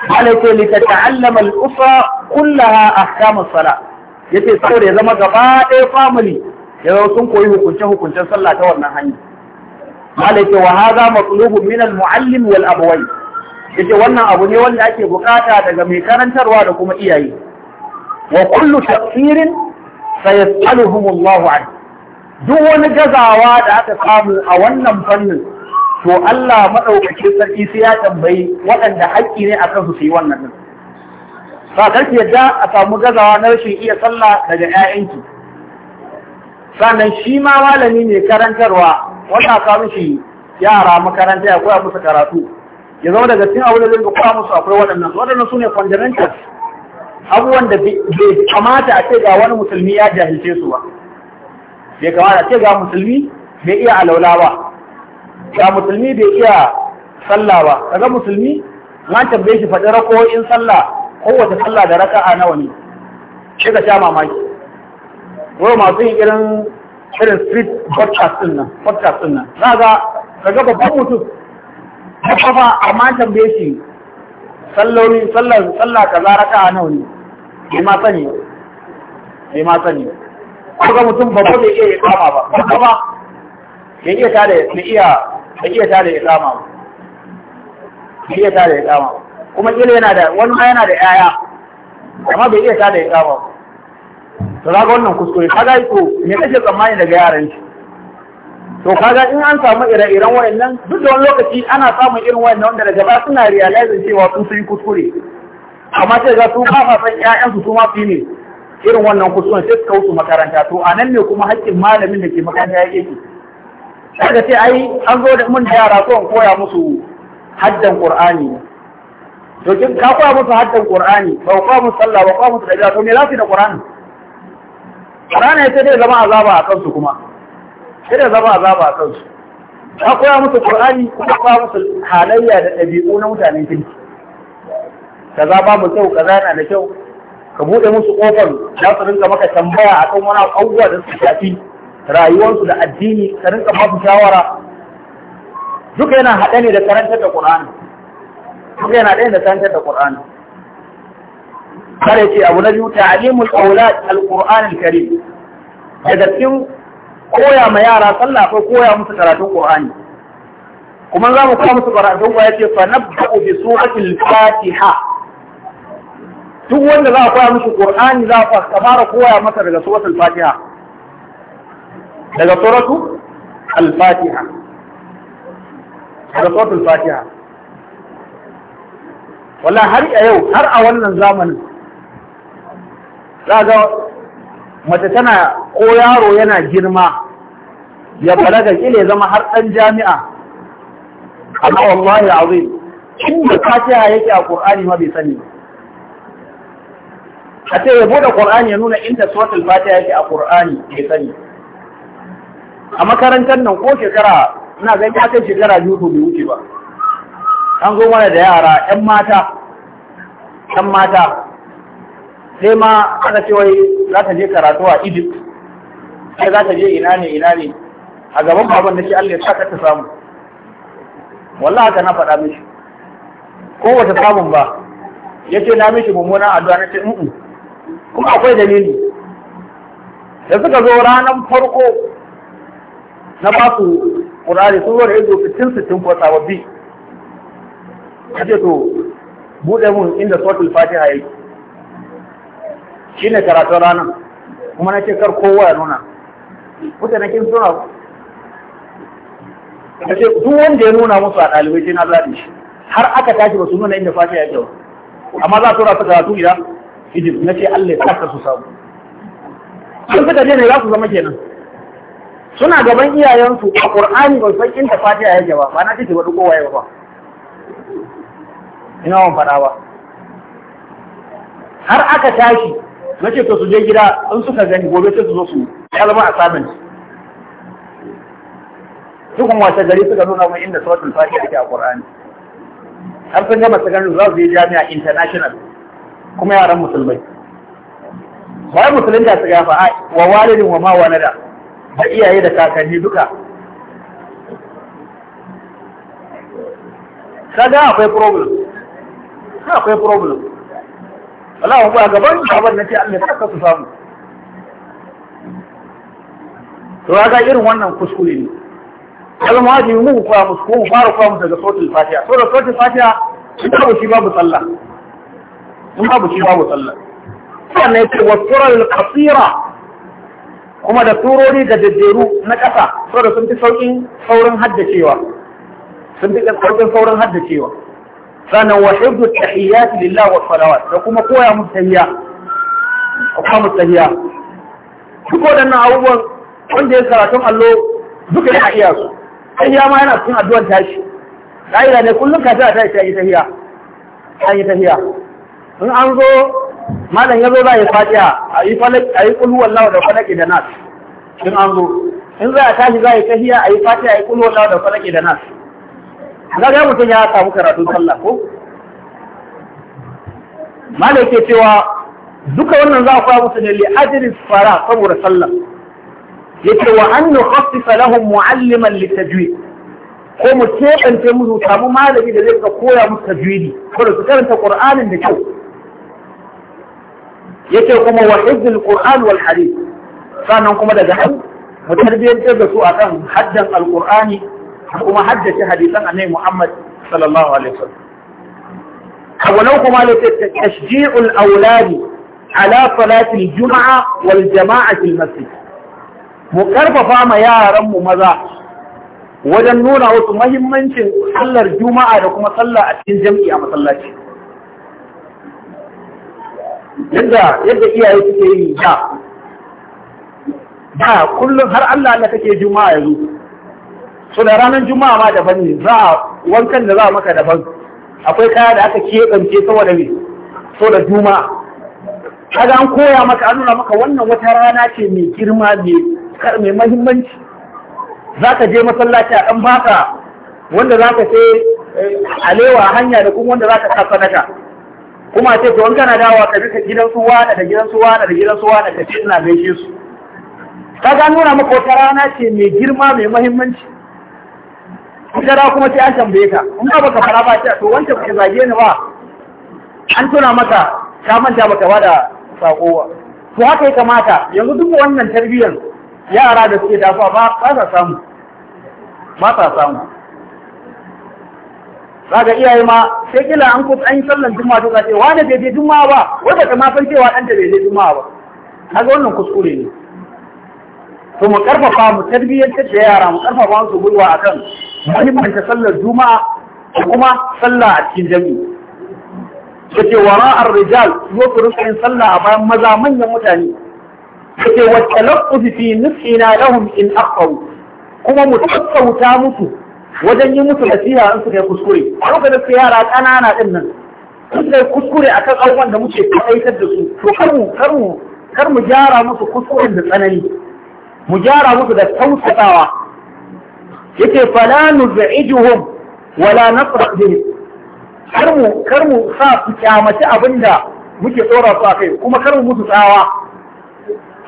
alaike li tata'allama al-usra kullaha ahkamus sala yace saboda ya zama gaba ɗaya family ya zo sun koyi hukunce hukuncen sallah ta wannan hanya alaike wa hadha matlubun min al-muallim wal abawai yace wannan abu ne wanda ake bukata daga mai karantarwa da kuma iyaye wa kullu tafsirin sayasaluhum Allahu an duk wani gazawa da aka samu a wannan fannin to Allah maɗaukakin sarki sai ya tambayi waɗanda haƙƙi ne a kansu su yi wannan din Sa karki yadda a samu gazawa na rashin iya sallah daga 'ya'yanki. sannan shi ma malami ne karantarwa wanda ka shi yara makaranta ya koya musu karatu ya zama daga cikin abin da zai koya musu akwai waɗannan waɗannan su ne fundamentals abubuwan da bai kamata a ce ga wani musulmi ya jahilce su ba bai kamata a ce ga musulmi bai iya alaula ba ga musulmi bai iya sallah ba kaga musulmi na tambaye shi faɗi rako'in sallah kowace sallah da raka'a nawa ne shi ga sha mamaki wai masu yin irin irin street podcast din nan podcast din nan za ga kaga babban mutum ta kafa amma tambaye shi salloli sallar sallah kaza raka'a nawa ne bai ma sani bai ma sani kaga mutum babba bai iya kama ba babba ba ya iya tare ya iya bai iya tada iqama ba bai kuma kila yana da wani ma yana da yaya amma bai iya da iqama ba to ga wannan kuskure Ka ga ko me kake tsammani daga yaran shi to kaga in an samu ire-iren wayannan duk da wani lokaci ana samun irin wayannan wanda daga ba suna realizing cewa sun yi kuskure amma sai ga su kafa san ƴaƴan su ma fi ne irin wannan kuskure sai su kawo su makaranta to anan ne kuma haƙƙin malamin da ke makaranta yake sai ka ce ai an zo da mun da yara ko koya musu haddan qur'ani to kin ka koya musu haddan qur'ani ba ku musu sallah ba koya musu dabi'a to me lafi da qur'ani qur'ani sai dai zama azaba a kansu kuma sai dai zama azaba a kansu ka koya musu qur'ani kuma koya musu halayya da dabi'u na mutanen kirki kaza ba mu kyau kaza na da kyau ka buɗe musu ƙofar za su rinka maka tambaya akan wani abubuwa da suka shafi rayuwarsu da addini ka rinka masu shawara duka yana haɗe ne da karantar da ƙur'ani. duka yana haɗe da karantar da Qur'ani kare ce abu na biyu ta'limul aulad al-Qur'an al daga cikin koya ma yara sallah ko koya musu karatun Qur'ani kuma za mu kawo musu karatun Qur'ani ce fa nabba'u bi suratil Fatiha duk wanda za a koya musu Qur'ani za a fara koya masa daga suratul Fatiha daga suratu al-fatiha daga suratu al-fatiha wala har a yau har a wannan zamanin za ga mace tana ko yaro yana girma ya balaga ile zama har ɗan jami'a amma wallahi azim da fatiha yake a qur'ani ma bai sani a ce ya bude qur'ani ya nuna inda suratul fatiha yake a qur'ani bai sani a makarantar nan ko shekara ina zai ya kai shekara biyu to bai wuce ba an zo mana da yara yan mata yan mata sai ma aka ce wai za ta je karatu a Egypt sai za ta je ina ne ina ne a gaban baban da shi Allah ya saka ta samu wallahi haka na faɗa mishi ko wata samun ba ya ce na mishi mummunan addu'a na ce kuma akwai dalili da suka zo ranar farko na ba su ƙurari sun wani ido fitin sittin ko sababbi a ce to buɗe mun inda Fati fatiha yake shi ne karatun ranar kuma na ce kar kowa ya nuna na kin suna A ce duk wanda ya nuna musu a ɗalibai sai na zaɓi. shi har aka tashi ba su nuna inda fatiha yake ba amma za su rasa karatu idan Egypt na ce Allah ya saka su samu. Sun fita ne ne za su zama kenan. suna gaban iyayensu a Qur'ani ba san inda Fatiha yake ba ba na kike wani kowa ya ba ina wa fada ba har aka tashi nace to su je gida in suka gani gobe sai su zo su ya zama su dukkan wata gari suka nuna mun inda suratul Fatiha yake a Qur'ani har sun gama su gani za su je jami'a international kuma yaran musulmai ba musulunta su gafa wa walidin wa ma da, da iyaye da kakanni duka kaga akwai problem akwai problem Allah ba gaban na ce Allah saka su samu to ga irin wannan kuskure ne kalmu wajibi mu kuwa mu fara kwa musu daga suratul fatiha so da suratul fatiha in babu shi babu sallah in babu shi babu sallah sannan ce wa suratul qasira kuma da turori da jajjeru na ƙasa saboda sun fi sauƙin saurin haddacewa sun fi saukin saurin haddacewa sannan wa hibdu tahiyyati lillah wa salawat da kuma koya mu tahiyya koya mu tahiyya duk waɗannan abubuwan wanda ya karatun allo duka ya iya su ya ma yana cikin addu'ar tashi ka'ida ne kullum ka ta ta yi tahiyya ta yi tahiyya in an zo malam ya zo za a yi fatiha a yi falak a yi kulhu wallahu da falaki da nas in an zo in za a tashi za a yi tahiya a yi fatiha a yi kulhu wallahu da falaki da nas ga mutum ya samu karatun sallah ko malam ke cewa duka wannan za a fara musu ne li ajrin fara saboda sallah yace wa an nukhaffif lahum mualliman litajwid ko mu tebance musu samu malami da zai koya musu tajwidi ko da su karanta qur'anin da kyau yake kuma wa hizbul qur'an wal hadith sannan kuma daga hal mu tarbiyyantar da su akan haddan alqur'ani kuma haddace hadisan annabi Muhammad sallallahu alaihi wasallam walau kuma la tashji'ul awlad ala salati aljum'a wal jama'a fil masjid mu karfafa ma yaran mu maza wajen nuna wasu mahimmancin sallar juma'a da kuma sallah a cikin jam'i a masallaci yadda yadda iyaye suke yi da da kullum har Allah ne kake juma'a yanzu so da ranar juma'a ma daban ne za a wankan da za a maka daban akwai kaya da aka keɓance saboda me so da juma'a kaga an koya maka an nuna maka wannan wata rana ce mai girma mai mahimmanci za ka je masallaci a ɗan baka wanda za sai eh, alewa hanya da kuma wanda zaka ka sa kuma ce to in kana dawowa ka duka gidan su wada da gidan su wada da gidan su wada ka ce gaishe su ka ga nuna maka wata rana ce mai girma mai muhimmanci kada kuma sai an tambaye ka in ba baka fara ba to wancan ka zage ni ba an tuna maka ka manta maka bada sako ba to haka ya kamata yanzu duk wannan tarbiyyar yara da suke dafa ba ba sa samu ba sa samu za iya iyaye ma sai kila an ku an yi sallan juma'a to ka ce wani bai je juma'a ba wanda ta ma san cewa ɗanta bai je juma'a ba kaga wannan kuskure ne to mu karfafa mu tarbiyyantar da yara mu karfafa su gwiwa akan muhimmanta sallar juma'a da kuma sallah a cikin jami'i kace wara ar-rijal yo su rinka yin sallah a bayan maza manyan mutane kace wa talaqqu fi nafsina lahum in aqaw kuma mu tsauta musu wajen yi musu nasiha in suka yi kuskure a lokacin su yara ƙanana ɗin nan sun kai kuskure akan abubuwan da muke kwaɗaitar da su to kar mu kar mu kar mu gyara musu kuskuren da tsanani mu gyara musu da tausasawa yake fala zaijuhum wala nafrah bihi kar mu kar mu sa su kyamaci abinda muke tsora su kai, kuma kar mu musu tsawa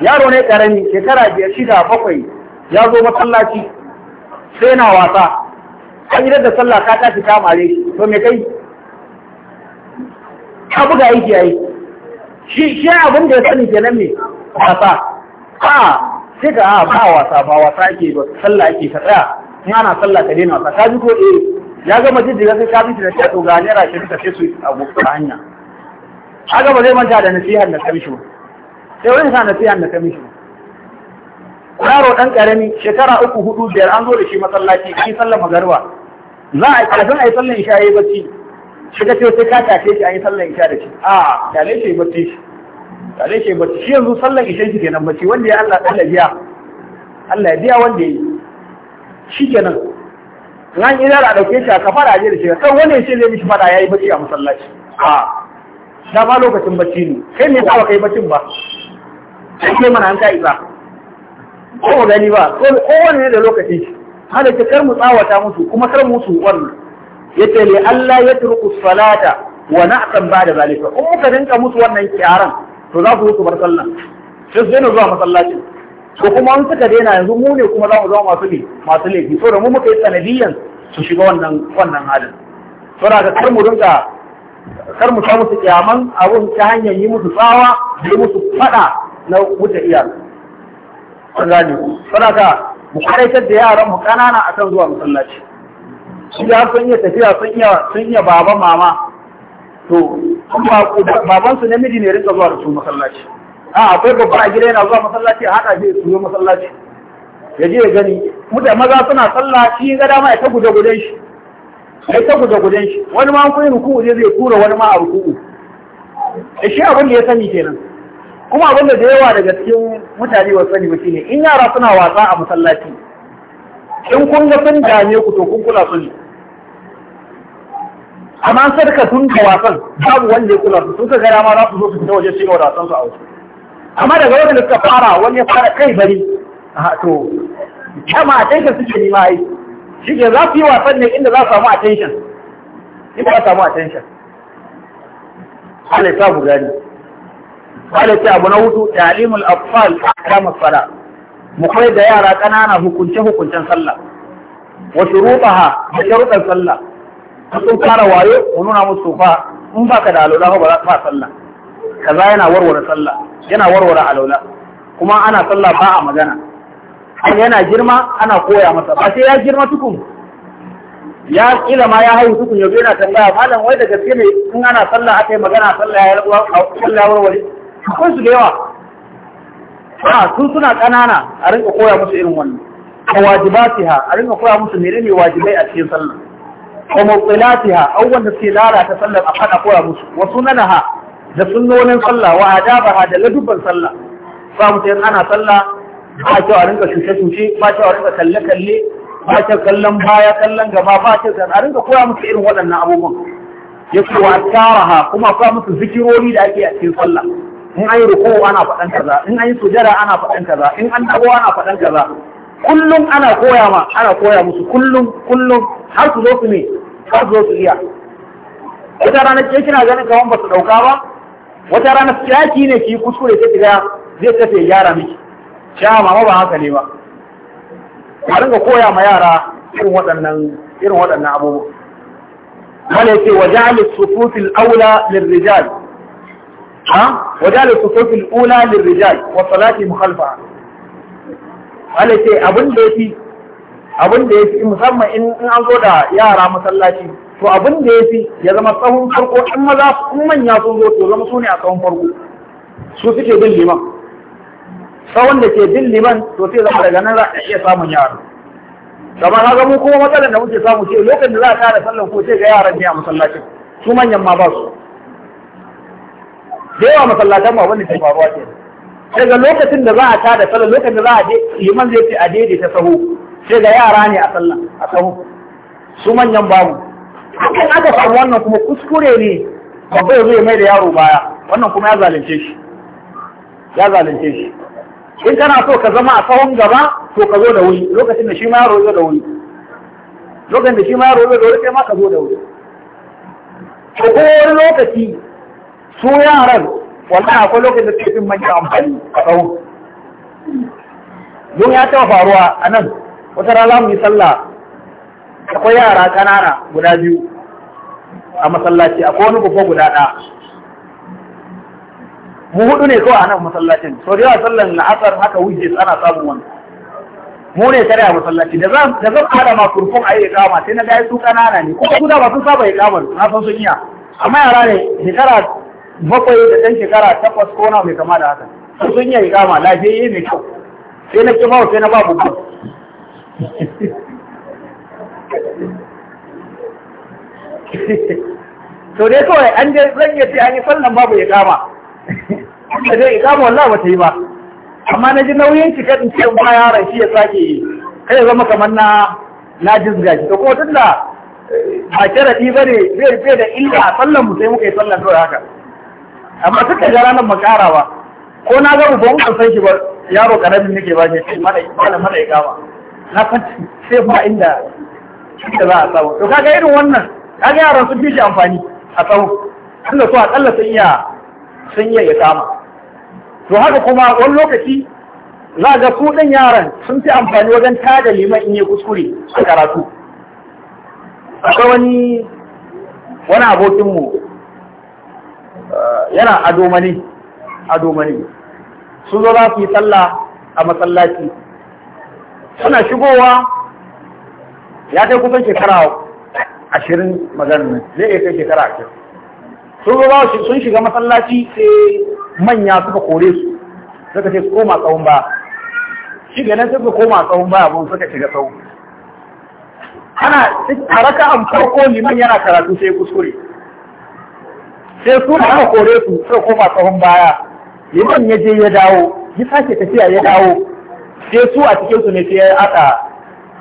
yaro ne karami shekara biyar shida bakwai ya zo masallaci sai na wasa an yi da sallah ka tashi ka mare to me kai ka buga aiki yayi shi shi abin da ya sani kenan ne wasa a sai ka a ba wasa ba wasa ake ba sallah ake ka tsaya in ana sallah ka daina wasa ka ji ko eh ya gama da sai ka bi da ta ga ne ra shi ta ce su a hanya haka ba zai manta da nasiha da kamishi ba sai wani sa nasiha da kamishi yaro dan karami shekara uku hudu biyar an zo da shi masallaci an yi sallar magarba za a kafin a yi sallan isha yayi bacci shiga ce sai ka tace shi a yi sallan isha da shi a kyale shi bacci shi kyale shi bacci shi yanzu sallan isha shi kenan bacci wanda ya Allah Allah biya Allah ya biya wanda ya yi shi kenan nan idan a dauke shi a kafara je da shi kan wanda ya ce zai mishi fada yi bacci a masallaci a da ma lokacin bacci ne kai ne me ka kai baccin ba sai mana an ka isa ko gani ba ko wani ne da lokacin shi halatta kar mu tsawata musu kuma kar mu su wannan yace li Allah ya turku salata wa na'tan ba'da zalika in muka rinka musu wannan kiyaran to za su ku bar sallah sai su daina zuwa masallaci ko kuma in suka daina yanzu mu ne kuma za mu zama masu ne masu laifi da mu muka yi sanadiyan su shiga wannan wannan halin da kar mu rinka kar mu sa musu kyaman abun ta hanyar yi musu tsawa da musu fada na wuce iyaka. Kun gane, saboda mu karaitar da yaran mu kanana akan zuwa masallaci shi ya sun iya tafiya sun iya sun iya baba mama to baban su namiji ne rinka zuwa da su masallaci a akwai babba a gida yana zuwa masallaci a hada shi su masallaci ya je ya gani mutane maza suna sallah shi ga dama ya ta guje guden shi ya ta guje guden shi wani ma kun ruku'u zai tura wani ma a ruku'u shi abin da ya sani kenan kuma abin da yawa daga cikin mutane wasu ne mutane in yara suna wasa a masallaci in kun ga sun dame ku to kun kula su ne amma sarka tun da wasan babu wanda ya kula su sun ka gara ma za su zo su fita waje su yi wasan su a wasu amma daga wanda da suka fara wani ya fara kai bari a to kama attention suke nima yi shi ke za su yi wasan ne inda za su samu attention za su samu attention Allah ya sa ku gani Bala ce abu na hudu ta'limul atfal ahkam as sala Mu koyar da yara ƙanana hukunce hukuncen sallah. Wa shurutaha da sharuɗan sallah. Sun fara wayo mu nuna musu fa in baka da alwala ba za ka sallah. Kaza yana warware sallah, yana warware alwala. Kuma ana sallah ba a magana. An yana girma ana koya masa ba sai ya girma tukun ya kila ma ya haihu tukun yau yana tambaya malam wai da gaske ne in ana sallah aka yi magana sallah ya rabuwa sallah warware akwai su da yawa a su suna ƙanana a rinka koya musu irin wannan a ha, a rinka koya musu menene wajibai a cikin sallah wa mubtilatiha awwan da suke lalata sallar a fada koya musu wa sunanaha da sunnonin sallah wa adabaha da ladubban sallah ba mu ana sallah ba kyau a rinka shushe-shushe, ba kyau a rinka kalle-kalle ba kyau kallon baya kallon gaba ba kyau a rinka koya musu irin waɗannan abubuwan ya ce wa taraha kuma koya musu zikirori da ake a cikin sallah in an yi ruku ana faɗan kaza in an yi sujada ana faɗan kaza in an dago ana faɗan kaza kullum ana koya ma ana koya musu kullum kullum har su zo su ne har su zo su iya wata rana ke kina ganin kawan ba su ɗauka ba wata rana tsaki ne ki kuskure sai kiga zai tafi ya gyara miki sha ah, mama ba haka ne ba ka ringa koya ma yara irin waɗannan irin waɗannan abubuwa mala yake wa ja'al as-sufuf al-awla lirrijal ha wajen al-sufuf al-ula lirrijal wa salati muhalfa ala ce abin da yafi abin da yafi musamman in an zo da yara masallaci to abin da yafi ya zama tsawon farko in maza in manya sun zo to zama su ne a tsawon farko su suke bin liman tsawon da ke bin liman to sai zama daga nan za a iya samun yara kamar haka mu kuma matsalar da muke samu ce lokacin da za a tara sallan ko sai ga yaran ne a masallacin su manyan ma ba su da yawa masallatan mu wanda ke faruwa ke daga lokacin da za a tada sallah lokacin da za a liman zai ce a ta sahu sai ga yara ne a sallah a sahu su manyan babu hakan aka samu wannan kuma kuskure ne babba ya zo ya mai da yaro baya wannan kuma ya zalunce shi ya zalunce shi in kana so ka zama a sahun gaba to ka zo da wuri lokacin da shi ma yaro zo da wuri lokacin da shi ma yaro zo da wuri sai ma ka zo da wuri ko wani lokaci su yaran wallahi akwai lokacin da suke fin manyan amfani a tsawo don ya taɓa faruwa a nan wata rana mu yi sallah akwai yara ƙanana guda biyu a masallaci akwai wani gufo guda ɗaya mu hudu ne kawai a nan masallacin so da yawa sallan la'asar haka wuce tsana samun wani mu ne tare a masallaci da zan da zan hada ma kurkun ayi ikama sai na ga su kanana ne kuma guda ba sun saba ikamar na san sun iya amma yara ne shekara bakwai da ɗan shekara takwas ko na mai kama da haka sun yi kama lafiyayye mai kyau sai na kima sai na ba bugu to dai kawai an je zan yi an yi sallan babu ya kama wanda dai ikama wallah ba ta yi ba amma na ji nauyin cikin in ce ba yaron shi ya sake yi kai ya zama kamar na na jizga shi to ko tunda eh, ba ɗi ba ne zai da illa sallan mu sai muka yi sallan kawai haka amma suka ga ranar ba, ko na ga uban ban san shi ba yaro karamin nake ba shi sai mala mana ya gama na san sai ba inda inda za a samu to kaga irin wannan kaga yaran sun fi shi amfani a tsawo so su akalla sun iya sun iya ya kama to haka kuma wani lokaci za ga su ɗin yaran sun fi amfani wajen tada liman in yi kuskure a karatu akwai wani wani abokinmu yana ado mani ado mani sun zo za su yi sallah a masallaci suna shigowa ya kai kusan shekara ashirin maganin zai iya kai shekara ashirin sun zo za su sun shiga masallaci sai manya suka kore su suka ce su koma tsawon ba shi ganin suka koma tsawon ba abin suka shiga tsawon ana a an farko liman yana karatu sai kuskure sai su da aka kore su suka koma tsohon baya liman ya je ya dawo ya sake tafiya ya dawo sai su a cikin su ne sai ya aka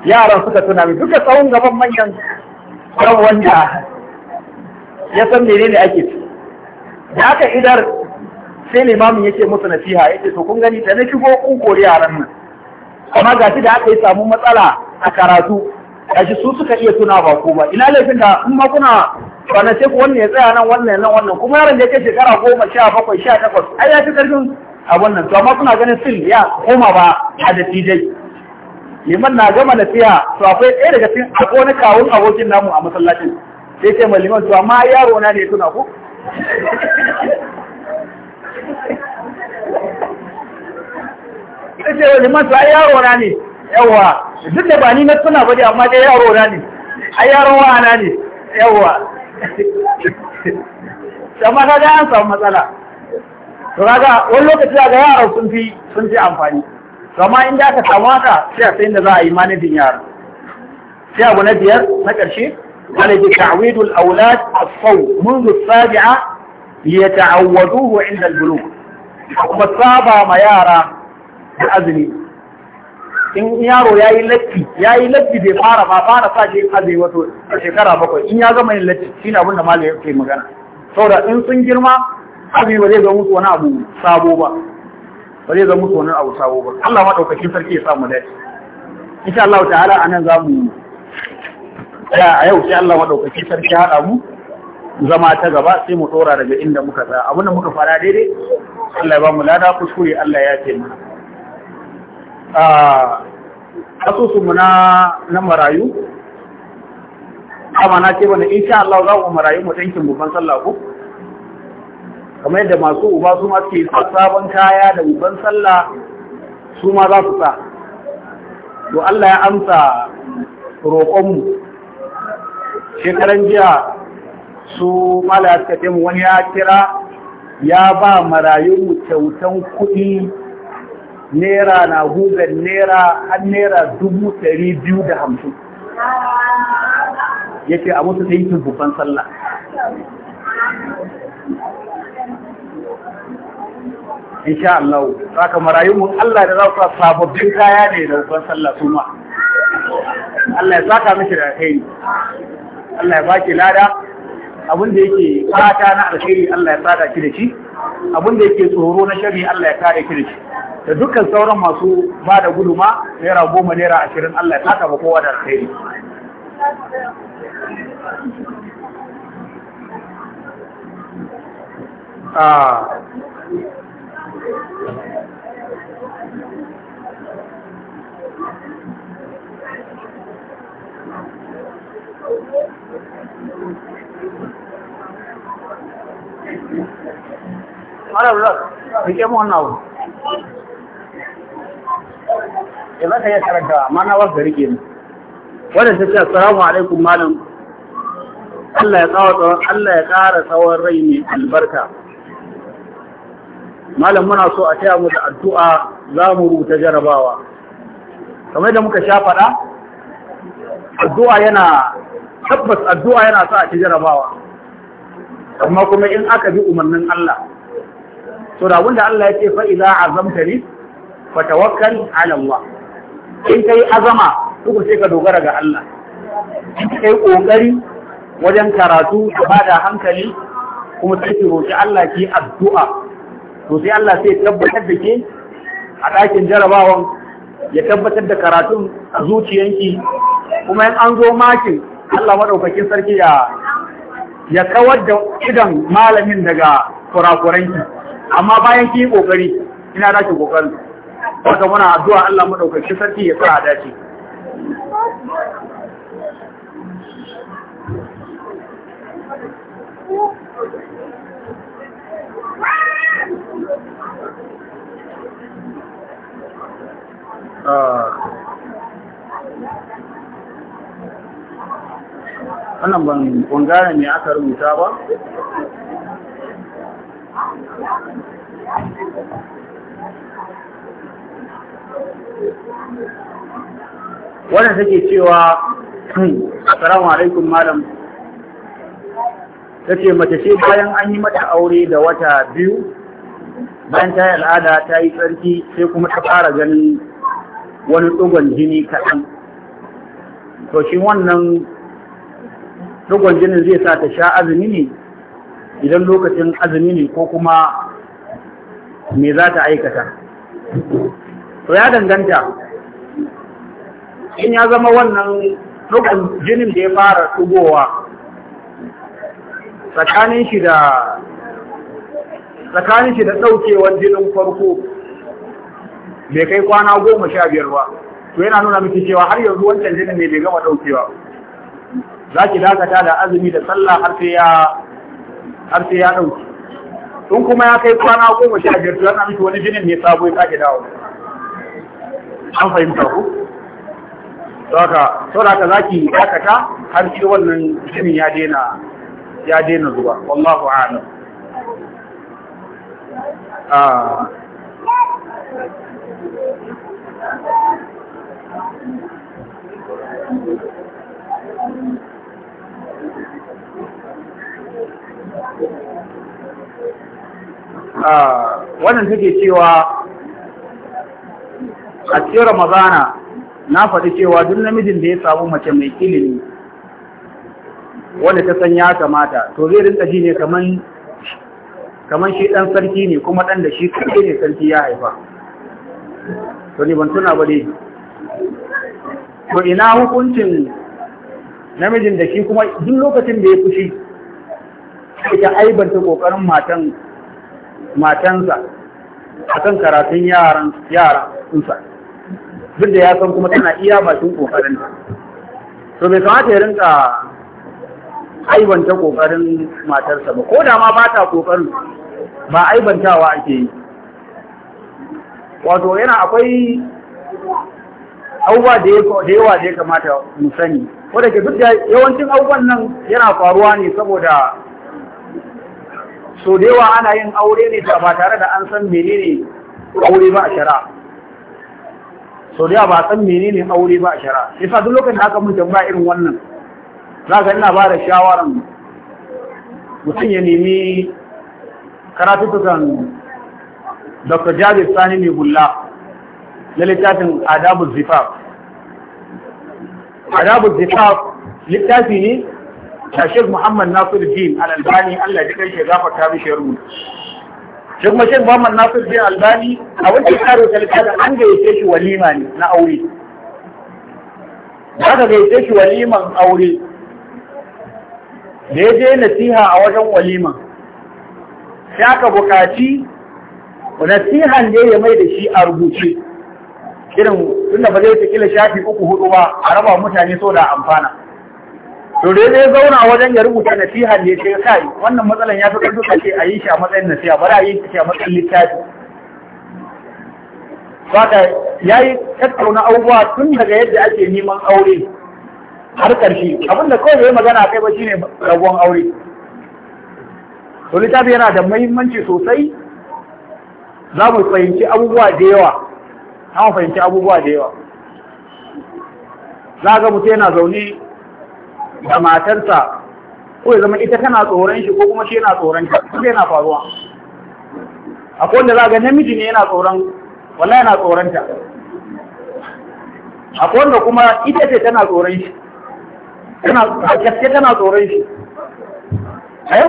yaran suka tuna mai duka tsawon gaban manyan kan wanda ya san menene ake ci da aka idar sai limamin yake musu nasiha yake to kun gani da na shigo kun kore yaran nan amma gashi da aka yi samu matsala a karatu Kashi su suka iya tuna ba ko ba ina laifin da in ma kuna sai ku wannan ya tsaya nan wannan nan wannan kuma yaron da yake shekara goma sha bakwai sha takwas ai ya fi karfin a wannan to amma kuna ganin sil ya koma ba a da tijai liman na gama na fiya to akwai ɗaya daga cikin akwai wani kawun abokin namu a masallacin sai ce liman to amma yaro na ne tuna ku sai ce liman to ai yaro na ne yawa duk da ba ni na tuna ba dai amma dai yaro na ne ai yaro wa na ne yawa amma ga an samu matsala to kaga wani lokaci ga yaro sun fi sun fi amfani to amma inda aka samu haka sai a sayin da za a yi manajin yara sai abu na biyar na ƙarshe wani bi ta'widul aulad as-saw منذ السابعة ليتعودوه inda البلوغ kuma saba ma yara da azumi in yaro ya yi latti ya yi latti bai fara ba fara sa shi azai wato a shekara bakwai in ya zama yin latti shi ne abin da malam ke magana saboda in sun girma azumi ba zai zama musu wani abu sabo ba ba zai zama musu wani abu sabo ba Allah ma daukakin sarki ya samu dace insha Allah ta'ala anan za mu ya a yau sai Allah ma daukakin sarki ya mu zama ta gaba sai mu tsora daga inda muka tsaya abin muka fara daidai Allah ya ba mu lada kuskure Allah ya ce mana asusunmu na marayu na ce wani insha Allah za mu marayu mu tankin buban sallah ko kamar yadda masu uba su ma suke sabon kaya da buban sallah su ma za su sa to Allah ya amsa mu. shekaran jiya su malaya suka ce mu wani ya kira ya ba marayunmu kyautan kuɗi naira na gugan naira har naira dubu ɗari biyu da hamsin ya ce a wasu ɗinkin bufan sallah insha Allah ka marayu mu Allah da za ka sababbin kaya ne da bufan sallah su ma Allah ya saka mishi da alheri Allah ya baki lada abin da yake fata na alheri Allah ya sada ki da shi abin da yake tsoro na shari Allah ya kare ki da shi da dukkan sauran masu ba da guduma naira goma naira ashirin Allah ya taka ba kowa da alkhairi ah. Mara, rike mu wannan abu. ya za ka iya karantawa amma na wasu rike mu wanda ta ce assalamu alaikum malam Allah ya kawo tsawon Allah ya ƙara tsawon rai mai albarka malam muna so a taya mu da addu'a za mu rubuta jarabawa kamar da muka sha faɗa addu'a yana tabbas addu'a yana sa a ci jarabawa amma kuma in aka bi umarnin Allah to da abinda Allah ya ce fa idza azamta ni fatawakkal ala Allah in kai azama duk sai ka dogara ga Allah in kai kokari wajen karatu da bada hankali kuma sai ki roki Allah ki addu'a to sai Allah sai tabbatar da ke a ɗakin jarabawan ya tabbatar da karatun a zuciyanki kuma in an zo makin Allah madaukakin sarki ya ya kawar da idan malamin daga kurakuranki amma bayan ki kokari ina da ki kokari haka muna addu'a Allah madaukakin sarki ya sa a dace ah. wannan ban bangare ne aka rubuta ba wannan take cewa hmm, assalamu alaikum malam tace mace ce bayan an yi mata aure da wata biyu bayan ta yi al'ada ta yi tsarki sai kuma ta fara ganin wani dogon jini kaɗan to shi wannan ɗugon jini zai sa ta sha azumi ne idan lokacin azumi ne ko kuma me za ta aikata to ya danganta in ya zama wannan dukkan jinin da ya fara tugowa tsakanin shi da tsakanin shi da ɗaukewar jinin farko bai kai kwana goma sha biyar ba to yana nuna miki cewa har yanzu wancan jinin ne bai gama ɗaukewa za ki dakata da azumi da sallah har sai ya har sai ya ɗauke in kuma ya kai kwana goma sha biyar to yana miki wani jinin ne sabo ya sake dawo an fahimta ku saka saboda za ki dakata har shi wannan jinin ya dena ya dena zuwa wallahu a'lam ah, ah wannan take cewa a cikin Ramazana na faɗi cewa duk namijin da ya samu mace mai ilimi wanda ta san ya kamata to zai rinka ji ne kaman kaman shi ɗan sarki ne kuma ɗan da shi kaɗai ne sarki ya haifa to ni ban tuna ba dai to ina hukuncin namijin da shi kuma duk lokacin da ya fushi ita aibanta kokarin matan matansa akan karatun yaran yaransa duk da ya san kuma tana iya bakin kokarin to bai kamata ya rinka aibanta kokarin matarsa ba ko da ma ba ta kokarin ba aibantawa ake yi wato yana akwai abubuwa da yawa da ya kamata mu sani ko da ke duk da yawancin abubuwan nan yana faruwa ne saboda so da yawa ana yin aure ne ba tare da an san menene aure ba a shari'a sau da ba a san menene aure ba a shara sa duk lokacin da aka mun ba irin wannan za ga ina ba da shawarar mutum ya nemi karatutukan dr jabir sani mai gulla na littafin adabu zifaf adabu zifaf littafi ne ta shek muhammad nasiru jin al'albani allah ya kai shi gafarta bishiyar mu. shi kuma shi man Nasir bin Albani a wancan karo talaka an gayyace shi walima ne na aure aka gayyace shi waliman aure da ya je nasiha a wajen waliman sai aka buƙaci nasihan ne ya mai da shi a rubuce irin tunda ba zai ta kila shafi uku hudu ba a raba mutane so da amfana to dai zai zauna wajen ya rubuta nasiha ne sai kai wannan matsalan ya fi karfi kace a yi shi a matsayin nasiha bari a yi shi a matsayin littafi Saka ya yi tattauna abubuwa tun daga yadda ake neman aure har ƙarshe abin da kawai bai magana kai ba ne ragon aure to littafi yana da muhimmanci sosai za mu fahimci abubuwa da yawa za mu fahimci abubuwa da yawa za ga mutum yana zaune da matarsa ko ya zama ita tana tsoron shi ko kuma shi yana tsoron ta ko yana faruwa akwai wanda za ga namiji ne yana tsoron wallahi yana tsoron ta akwai wanda kuma ita ce tana tsoron shi tana gaske tana tsoron shi eh? ayo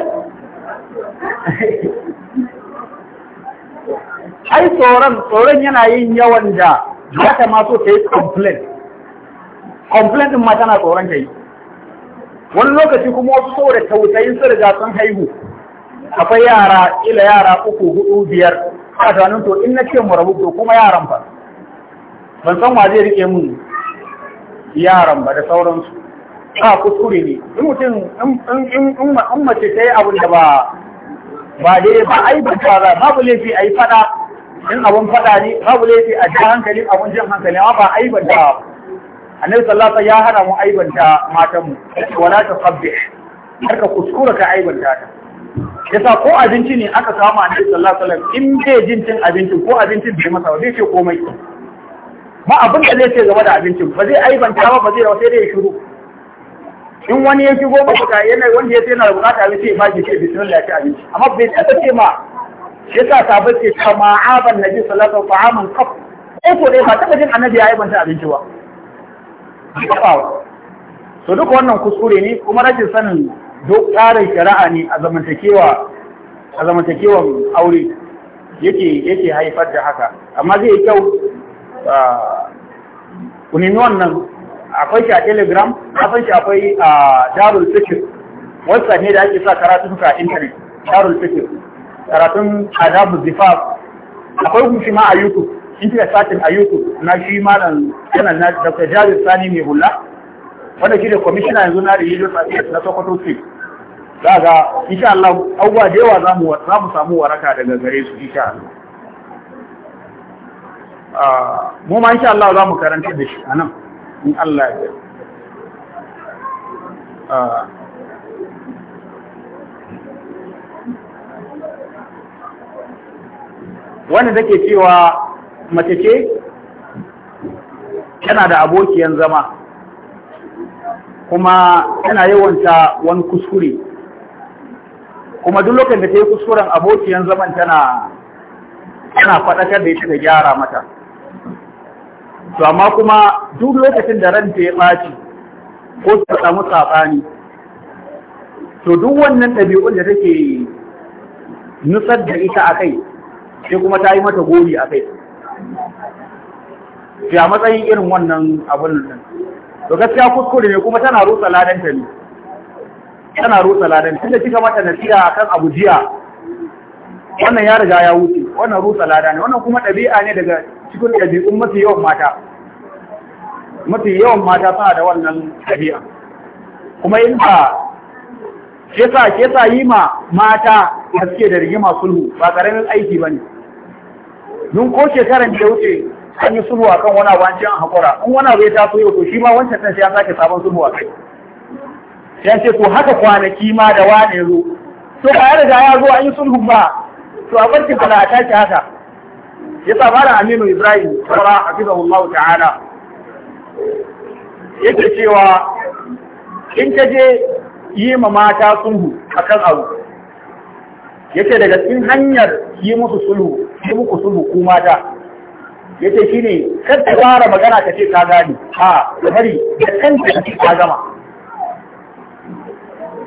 ai tsoron tsoron yana yin yawan da ya ta ta yi complain complain din ma tana tsoron ta yi wani lokaci kuma wasu saboda tausayin su riga sun haihu akwai yara ila yara uku hudu biyar a tsanin to in na ce mu rabu to kuma yaran ba ban san wa zai rike mun yaran ba da sauransu a kuskure ne in mutum in mace ta yi abin da ba ba dai ba ai ba ba babu laifi a yi fada in abin fada ne babu laifi a jan hankali abun jan hankali amma ba ai ba da annabi sallallahu alaihi ya hana mu aibanta matan mu wala ta sabbih karka kuskura ka aibanta ta yasa ko abinci ne aka samu annabi sallallahu alaihi wasallam in bai jin cin abinci ko abincin bai masa zai ce komai ba abin da zai ce game da abincin ba zai aibanta ba ba zai rawa sai dai ya shiru in wani ya shigo ba ka yana wanda ya ce yana da bukata abinci ya baki ce bismillah ya ci abinci amma bai tsaka ce ma yasa sabai ce kama aban nabi sallallahu alaihi wasallam ta'aman kaf ko ko dai ba taba jin annabi ya aibanta abinci ba bai so duka wannan kuskure ne kuma rajin sanin duk tsarin shari'a ne a zamantakewa a zamantakewan aure yake yake haifar da haka amma zai yi kyau a kunin wannan akwai shi a telegram akwai shi akwai a darul fikir wasa ne da ake sa karatun ka internet darul fikir karatun adabu zifaf akwai kuma shi ma a youtube internet satin a youtube na shi malam kanan na dr jabir sani mai hula wanda shi ne kwamishina yanzu na religious affairs na sokoto state za ga insha Allah abubuwa da yawa za mu samu waraka daga gare su insha Allah ah, mu ma insha Allah za mu karanta da shi a nan in Allah ya ah. wanda take cewa mace ce yana da abokiyan zama kuma yana yawanta wani kuskure kuma duk lokacin da ta yi kuskuren abokiyan zaman tana tana faɗakar da ita da gyara mata to amma kuma duk lokacin da ranta ya ɓaci ko ta samu saɓani to duk wannan ɗabi'un da take nusar da ita akai, sai kuma ta yi mata gori akai. a matsayin irin wannan abin nan to gaskiya kuskure ne kuma tana rusa ta ne tana rusa ladan tunda kika mata nasiha akan abu jiya wannan ya riga ya wuce wannan rusa lada ne wannan kuma ɗabi'a ne daga cikin ɗabi'un mafi yawan mata mafi yawan mata suna da wannan ɗabi'a kuma in ba ke kesa yi ma mata da suke da rigima sulhu ba ƙaramin aiki ba ne. Nun ko shekaran da wuce an yi sulhu akan wani abu an ce an haƙura in wani abu ya taso yau to shi ma wancan ɗan sai an sake sabon sulhu a kai sai ce to haka kwanaki ma da wane zo to ba ya riga ya zo an yi sulhu ba to a barci kana a tashi haka ya sa mara aminu ibrahim saura hafizahullahu ta'ala yake cewa in ka je yi ma mata sulhu akan abu yace daga cikin hanyar yi musu sulhu yi muku sulhu ku mata ya ce shi ne kanta fara magana ka ce ka gani ha da hari da kan ta ce ta gama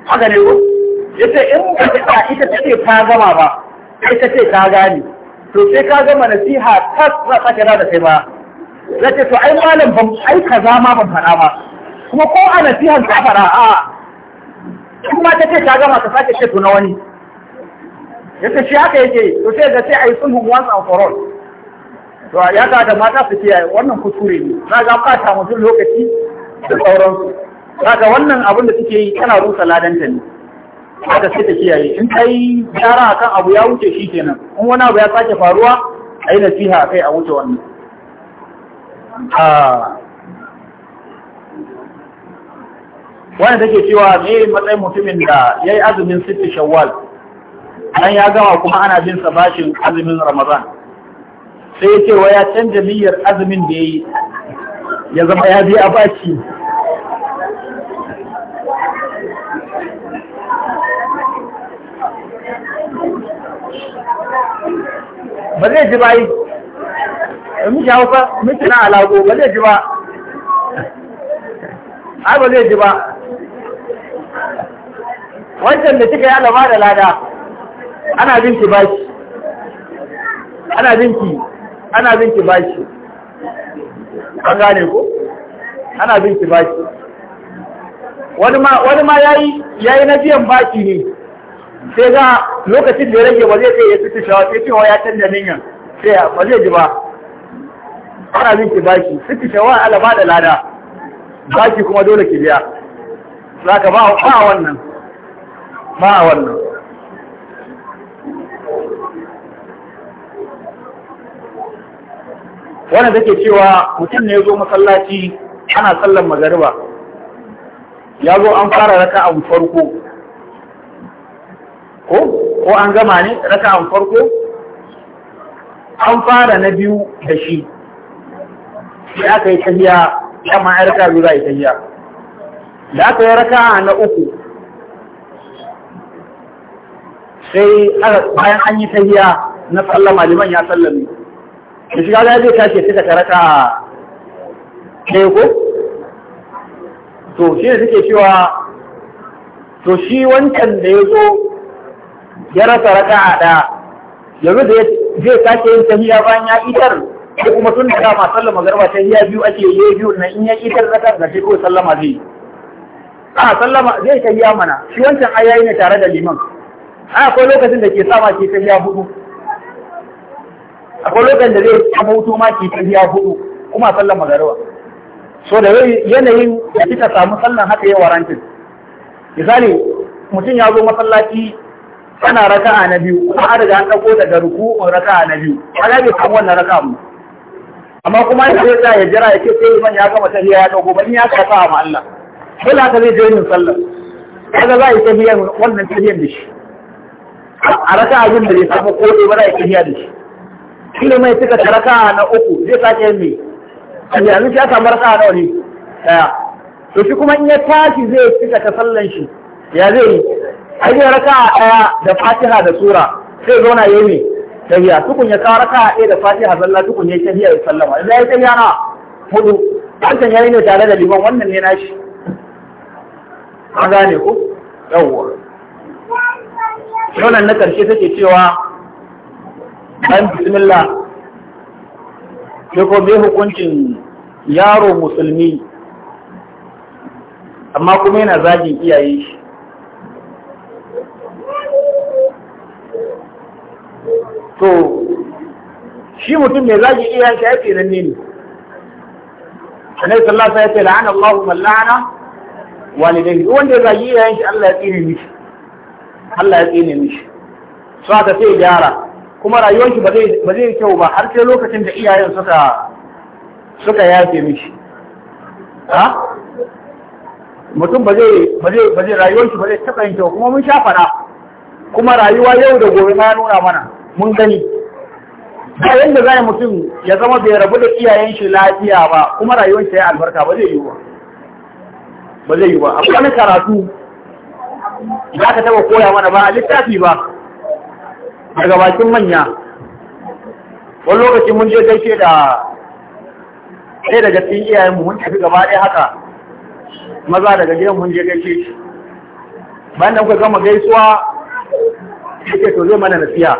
haka ne ya ce in ba ta ita ta ce ka gama ba sai ka ce ka gani to sai ka gama nasiha ta za ta kira da sai ba Ya ce to ai malam ban ai kaza ma ban faɗa ba kuma ko a nasihan ta faɗa a kuma ta ce ta gama ta sake ce to na wani ya ce shi haka yake to sai ga sai ai sulhun wasan and to ya ga da mata su kiyaye wannan kuskure ne na ga ɓata mutum lokaci da sauransu kaga wannan abin da suke yi tana rusa ladanta ne kaga sai ta kiyaye in kai gyara akan abu ya wuce shi kenan in wani abu ya sake faruwa a yi nasiha kai a wuce wannan ah. wani take cewa ne matsayin mutumin da ya yi azumin sitti shawwal an ya gama kuma ana bin sa bashin azumin ramadan sai ya ce wa ya canja niyyar azumin da ya yi ya zama ya biya bashi ba zai ji ba yi miki hausa miki na alago ba zai ji ba ai ba zai ji ba wancan da kika yi alama da lada ana binki bashi ana binki ana bin ki bashi an gane ko ana bin ki bashi wani ma wani ma yayi yayi na biyan baki ne sai ga lokacin da ya rage ba zai kai ya fito shawa sai cewa ya canza ninya sai ba zai ji ba ana bin ki baki fito shawa ala ba da lada baki kuma dole ki biya zaka ba ba wannan ba wannan wannan take cewa mutum ne ya zo masallaci ana sallan magariba ya zo an fara raka a farko ko ko an gama ne raka a farko an fara na biyu da shi sai aka yi tahiya amma ya raka biyu za a yi tahiya da aka yi raka na uku sai bayan an yi tahiya na sallama liman ya sallame da shiga na zai tashi suka taraka ɗaya ko to shi ne suke cewa to shi wancan da ya zo ya rasa raka a ɗaya yanzu da zai sake yin tahiya bayan ya idar ko kuma tun da dama sallama garba tahiya biyu ake yi biyu na in ya idar raka ga shi ko sallama zai yi a sallama zai tahiya mana shi wancan ayayi ne tare da liman a akwai lokacin da ke sama ke tahiya hudu akwai lokacin da zai ta hutu ma ke ta biya hudu kuma sallan magariba so da yanayin da kika samu sallan haka ya warantin misali mutum ya zo masallaci ana raka'a na biyu kuma an riga an dauko daga ruku'un raka'a na biyu ana bai samu wannan raka'a mu amma kuma ya zai sa ya jira ya ce sai man ya gama ta biya ya dauko ban ya sa ma Allah dole haka zai je yin sallah kaga za a yi biyan wannan ta biyan da shi a raka'a abin da zai samu ko ba za a yi biya da shi shi ne mai cika taraka na uku zai sake yin me kan yanzu shi aka marka nawa ne daya to shi kuma in ya tashi zai cika ta sallan shi ya zai yi ai zai raka daya da fatiha da sura sai zauna yi me tahiya tukun ya kawo raka ɗaya da fatiha zalla tukun yayi tahiya ya sallama idan yi tahiya na hudu ya yi ne tare da liman wannan ne nashi an gane ko yawwa wannan na karshe take cewa bayan bismillah sai ko hukuncin yaro musulmi amma kuma yana zagin iyaye shi to shi mutum mai zagin iyaye shi ake nan ne Annabi sallasa ya ce la'ana Allahu man la'ana walidayhi wanda ya zagi iyayen shi Allah ya tsine mishi Allah ya tsine mishi so sai gyara kuma rayuwar shi ba zai kyau ba har sai lokacin da iyayen suka suka yafe mishi ha mutum ba zai ba zai ba zai rayuwar shi ba zai taba yin kyau kuma mun sha fara kuma rayuwa yau da gobe ma nuna mana mun gani ba yanda zai mutum ya zama bai rabu da iyayen shi lafiya ba kuma rayuwar shi ya albarka ba zai yi ba ba zai yi ba akwai wani karatu za ka taba koya mana ba a littafi ba daga bakin manya wani lokaci mun je gaishe da ɗaya daga cikin iyayenmu mun tafi gaba ɗaya haka maza daga gidan mun je gaishe shi bayan da kuka gama gaisuwa yake to zai mana nasiha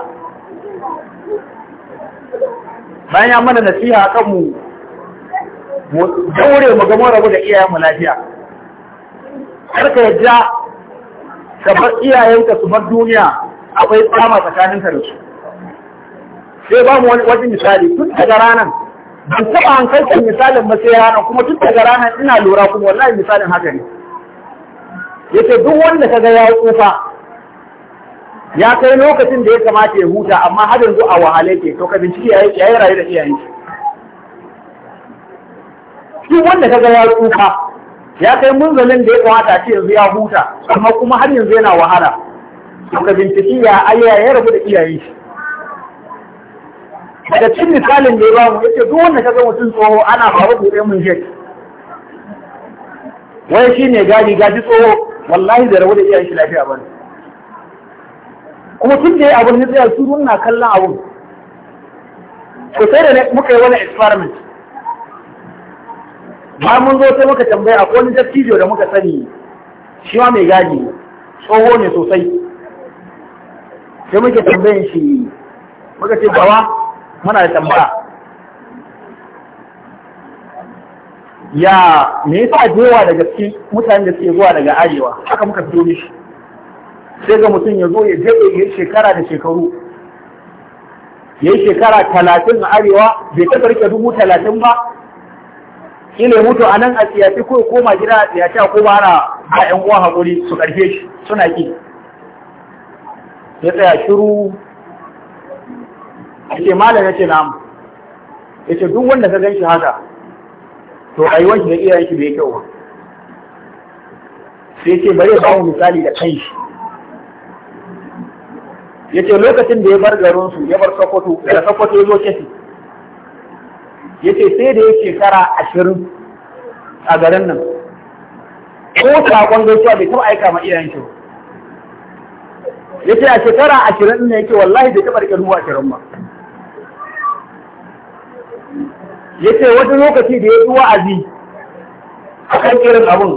bayan ya mana nasiha a kanmu daure mu gama rabu da iyayenmu lafiya karka yadda ka bar iyayenka su bar duniya akwai tsama tsakanin ka da su sai ba mu wani misali tun daga ranar ban taɓa hankaltar misalin ba sai ranar kuma tun daga ranar ina lura kuma wallahi misalin haka ne yace duk wanda kaga ya tsufa ya kai lokacin da ya kamata ya huta amma har yanzu a wahale ke to ka bincike ya yi rayu da iyayen shi wanda kaga ya tsufa ya kai munzalin da ya kamata ce yanzu ya huta amma kuma har yanzu yana wahala ka bincike ya ayya ya rabu da iyaye. shi daga cin misalin da ya bamu yake duk wanda zama mutum tsoho ana faru buɗe mun shek wai ne gadi gaji tsoho wallahi da rabu da iyaye shi lafiya ba ne. kuma tun da ya abu ne tsaya su na kallon abu. Sosai sai da muka yi wani experiment ba mun zo sai muka tambaya akwai wani dattijo da muka sani shi ma mai gadi tsoho ne sosai sai muke tambayin shi muka ce bawa muna da tambaya ya me yasa jewa daga cikin mutane da suke zuwa daga arewa haka muka fito mishi sai ga mutum ya zo ya daɗe ya shekara da shekaru ya yi shekara talatin a arewa bai taɓa rike dubu talatin ba ile mutu a nan a tsiyafi ko koma gida a tsiyafi ko ba na a ‘yan uwa haƙuri su ƙarfe shi suna ƙi ya tsaya shiru a ce malam ya ce na'am ya ce duk wanda ka gan shi haka to rayuwar shi da iyayen shi bai kyau ba sai ce bari ba mu misali da kanshi ya ce lokacin da ya bar garinsu ya bar sokoto da sokoto ya zo kefi ya ce sai da ya shekara ashirin a garin nan ko sakon gaisuwa bai taɓa aika ma iyayen shi ba ya ce a shekara ashirin ne yake wallahi bai taɓa riƙe dubu ashirin ba ya ce wata lokaci da ya yi wa'azi a kan irin abin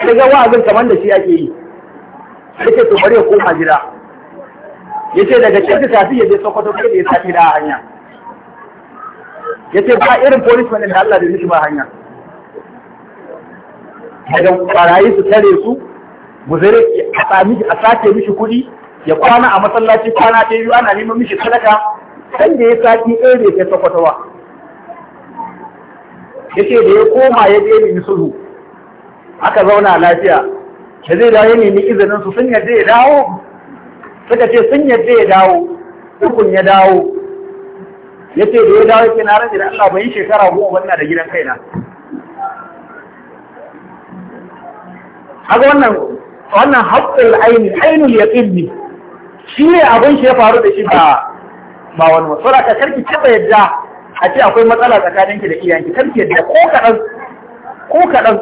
sai ga wa'azin kamar da shi ake yi ya ce to bari ya koma gida ya ce daga cikin tafi ya je sokoto kai da ya tafi da hanya ya ce ba irin policeman da Allah da mishi ba hanya daga barayi su tare su guzare a sami a sake mishi kuɗi ya kwana a masallaci kwana ta biyu ana neman mishi sadaka kan da ya sati ɗaya bai kai sakwato ba yace da ya koma ya je ne sulhu aka zauna lafiya da zai dawo ya nemi izinin su sun yadda ya dawo suka ce sun yadda ya dawo ukun ya dawo yace da ya dawo ke na rage da Allah bai shekara goma ba ina da gidan kaina haka wannan wannan haƙƙul ainihin ainul yaqin ne shi ne abin shi ya faru da shi ba ba wani wasu raka karki taba yadda a ce akwai matsala tsakaninki da iyayenki karki yadda ko kaɗan ko kaɗan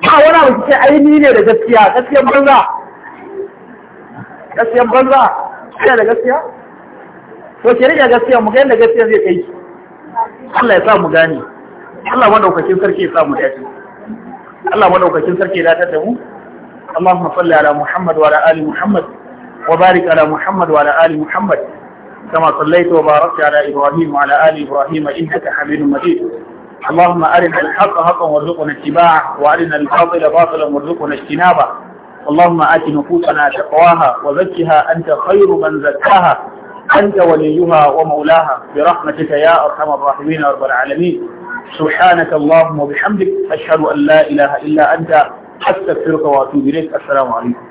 ba wani abu ce aini ne da gaskiya gaskiyan banza gaskiyan banza kina da gaskiya to ke rike gaskiya mu ga yadda gaskiya zai kai Allah ya sa mu gane Allah madaukakin sarki ya sa mu dace Allah madaukakin sarki ya datar da mu اللهم صل على محمد وعلى آل محمد وبارك على محمد وعلى آل محمد كما صليت وباركت على إبراهيم وعلى آل إبراهيم إنك حميد مجيد اللهم أرنا الحق حقا وارزقنا اتباعه وأرنا الباطل باطلا وارزقنا اجتنابه اللهم آت نفوسنا تقواها وزكها أنت خير من زكاها أنت وليها ومولاها برحمتك يا أرحم الراحمين رب العالمين سبحانك اللهم وبحمدك أشهد أن لا إله إلا أنت أستغفرك وأتوب إليك السلام عليكم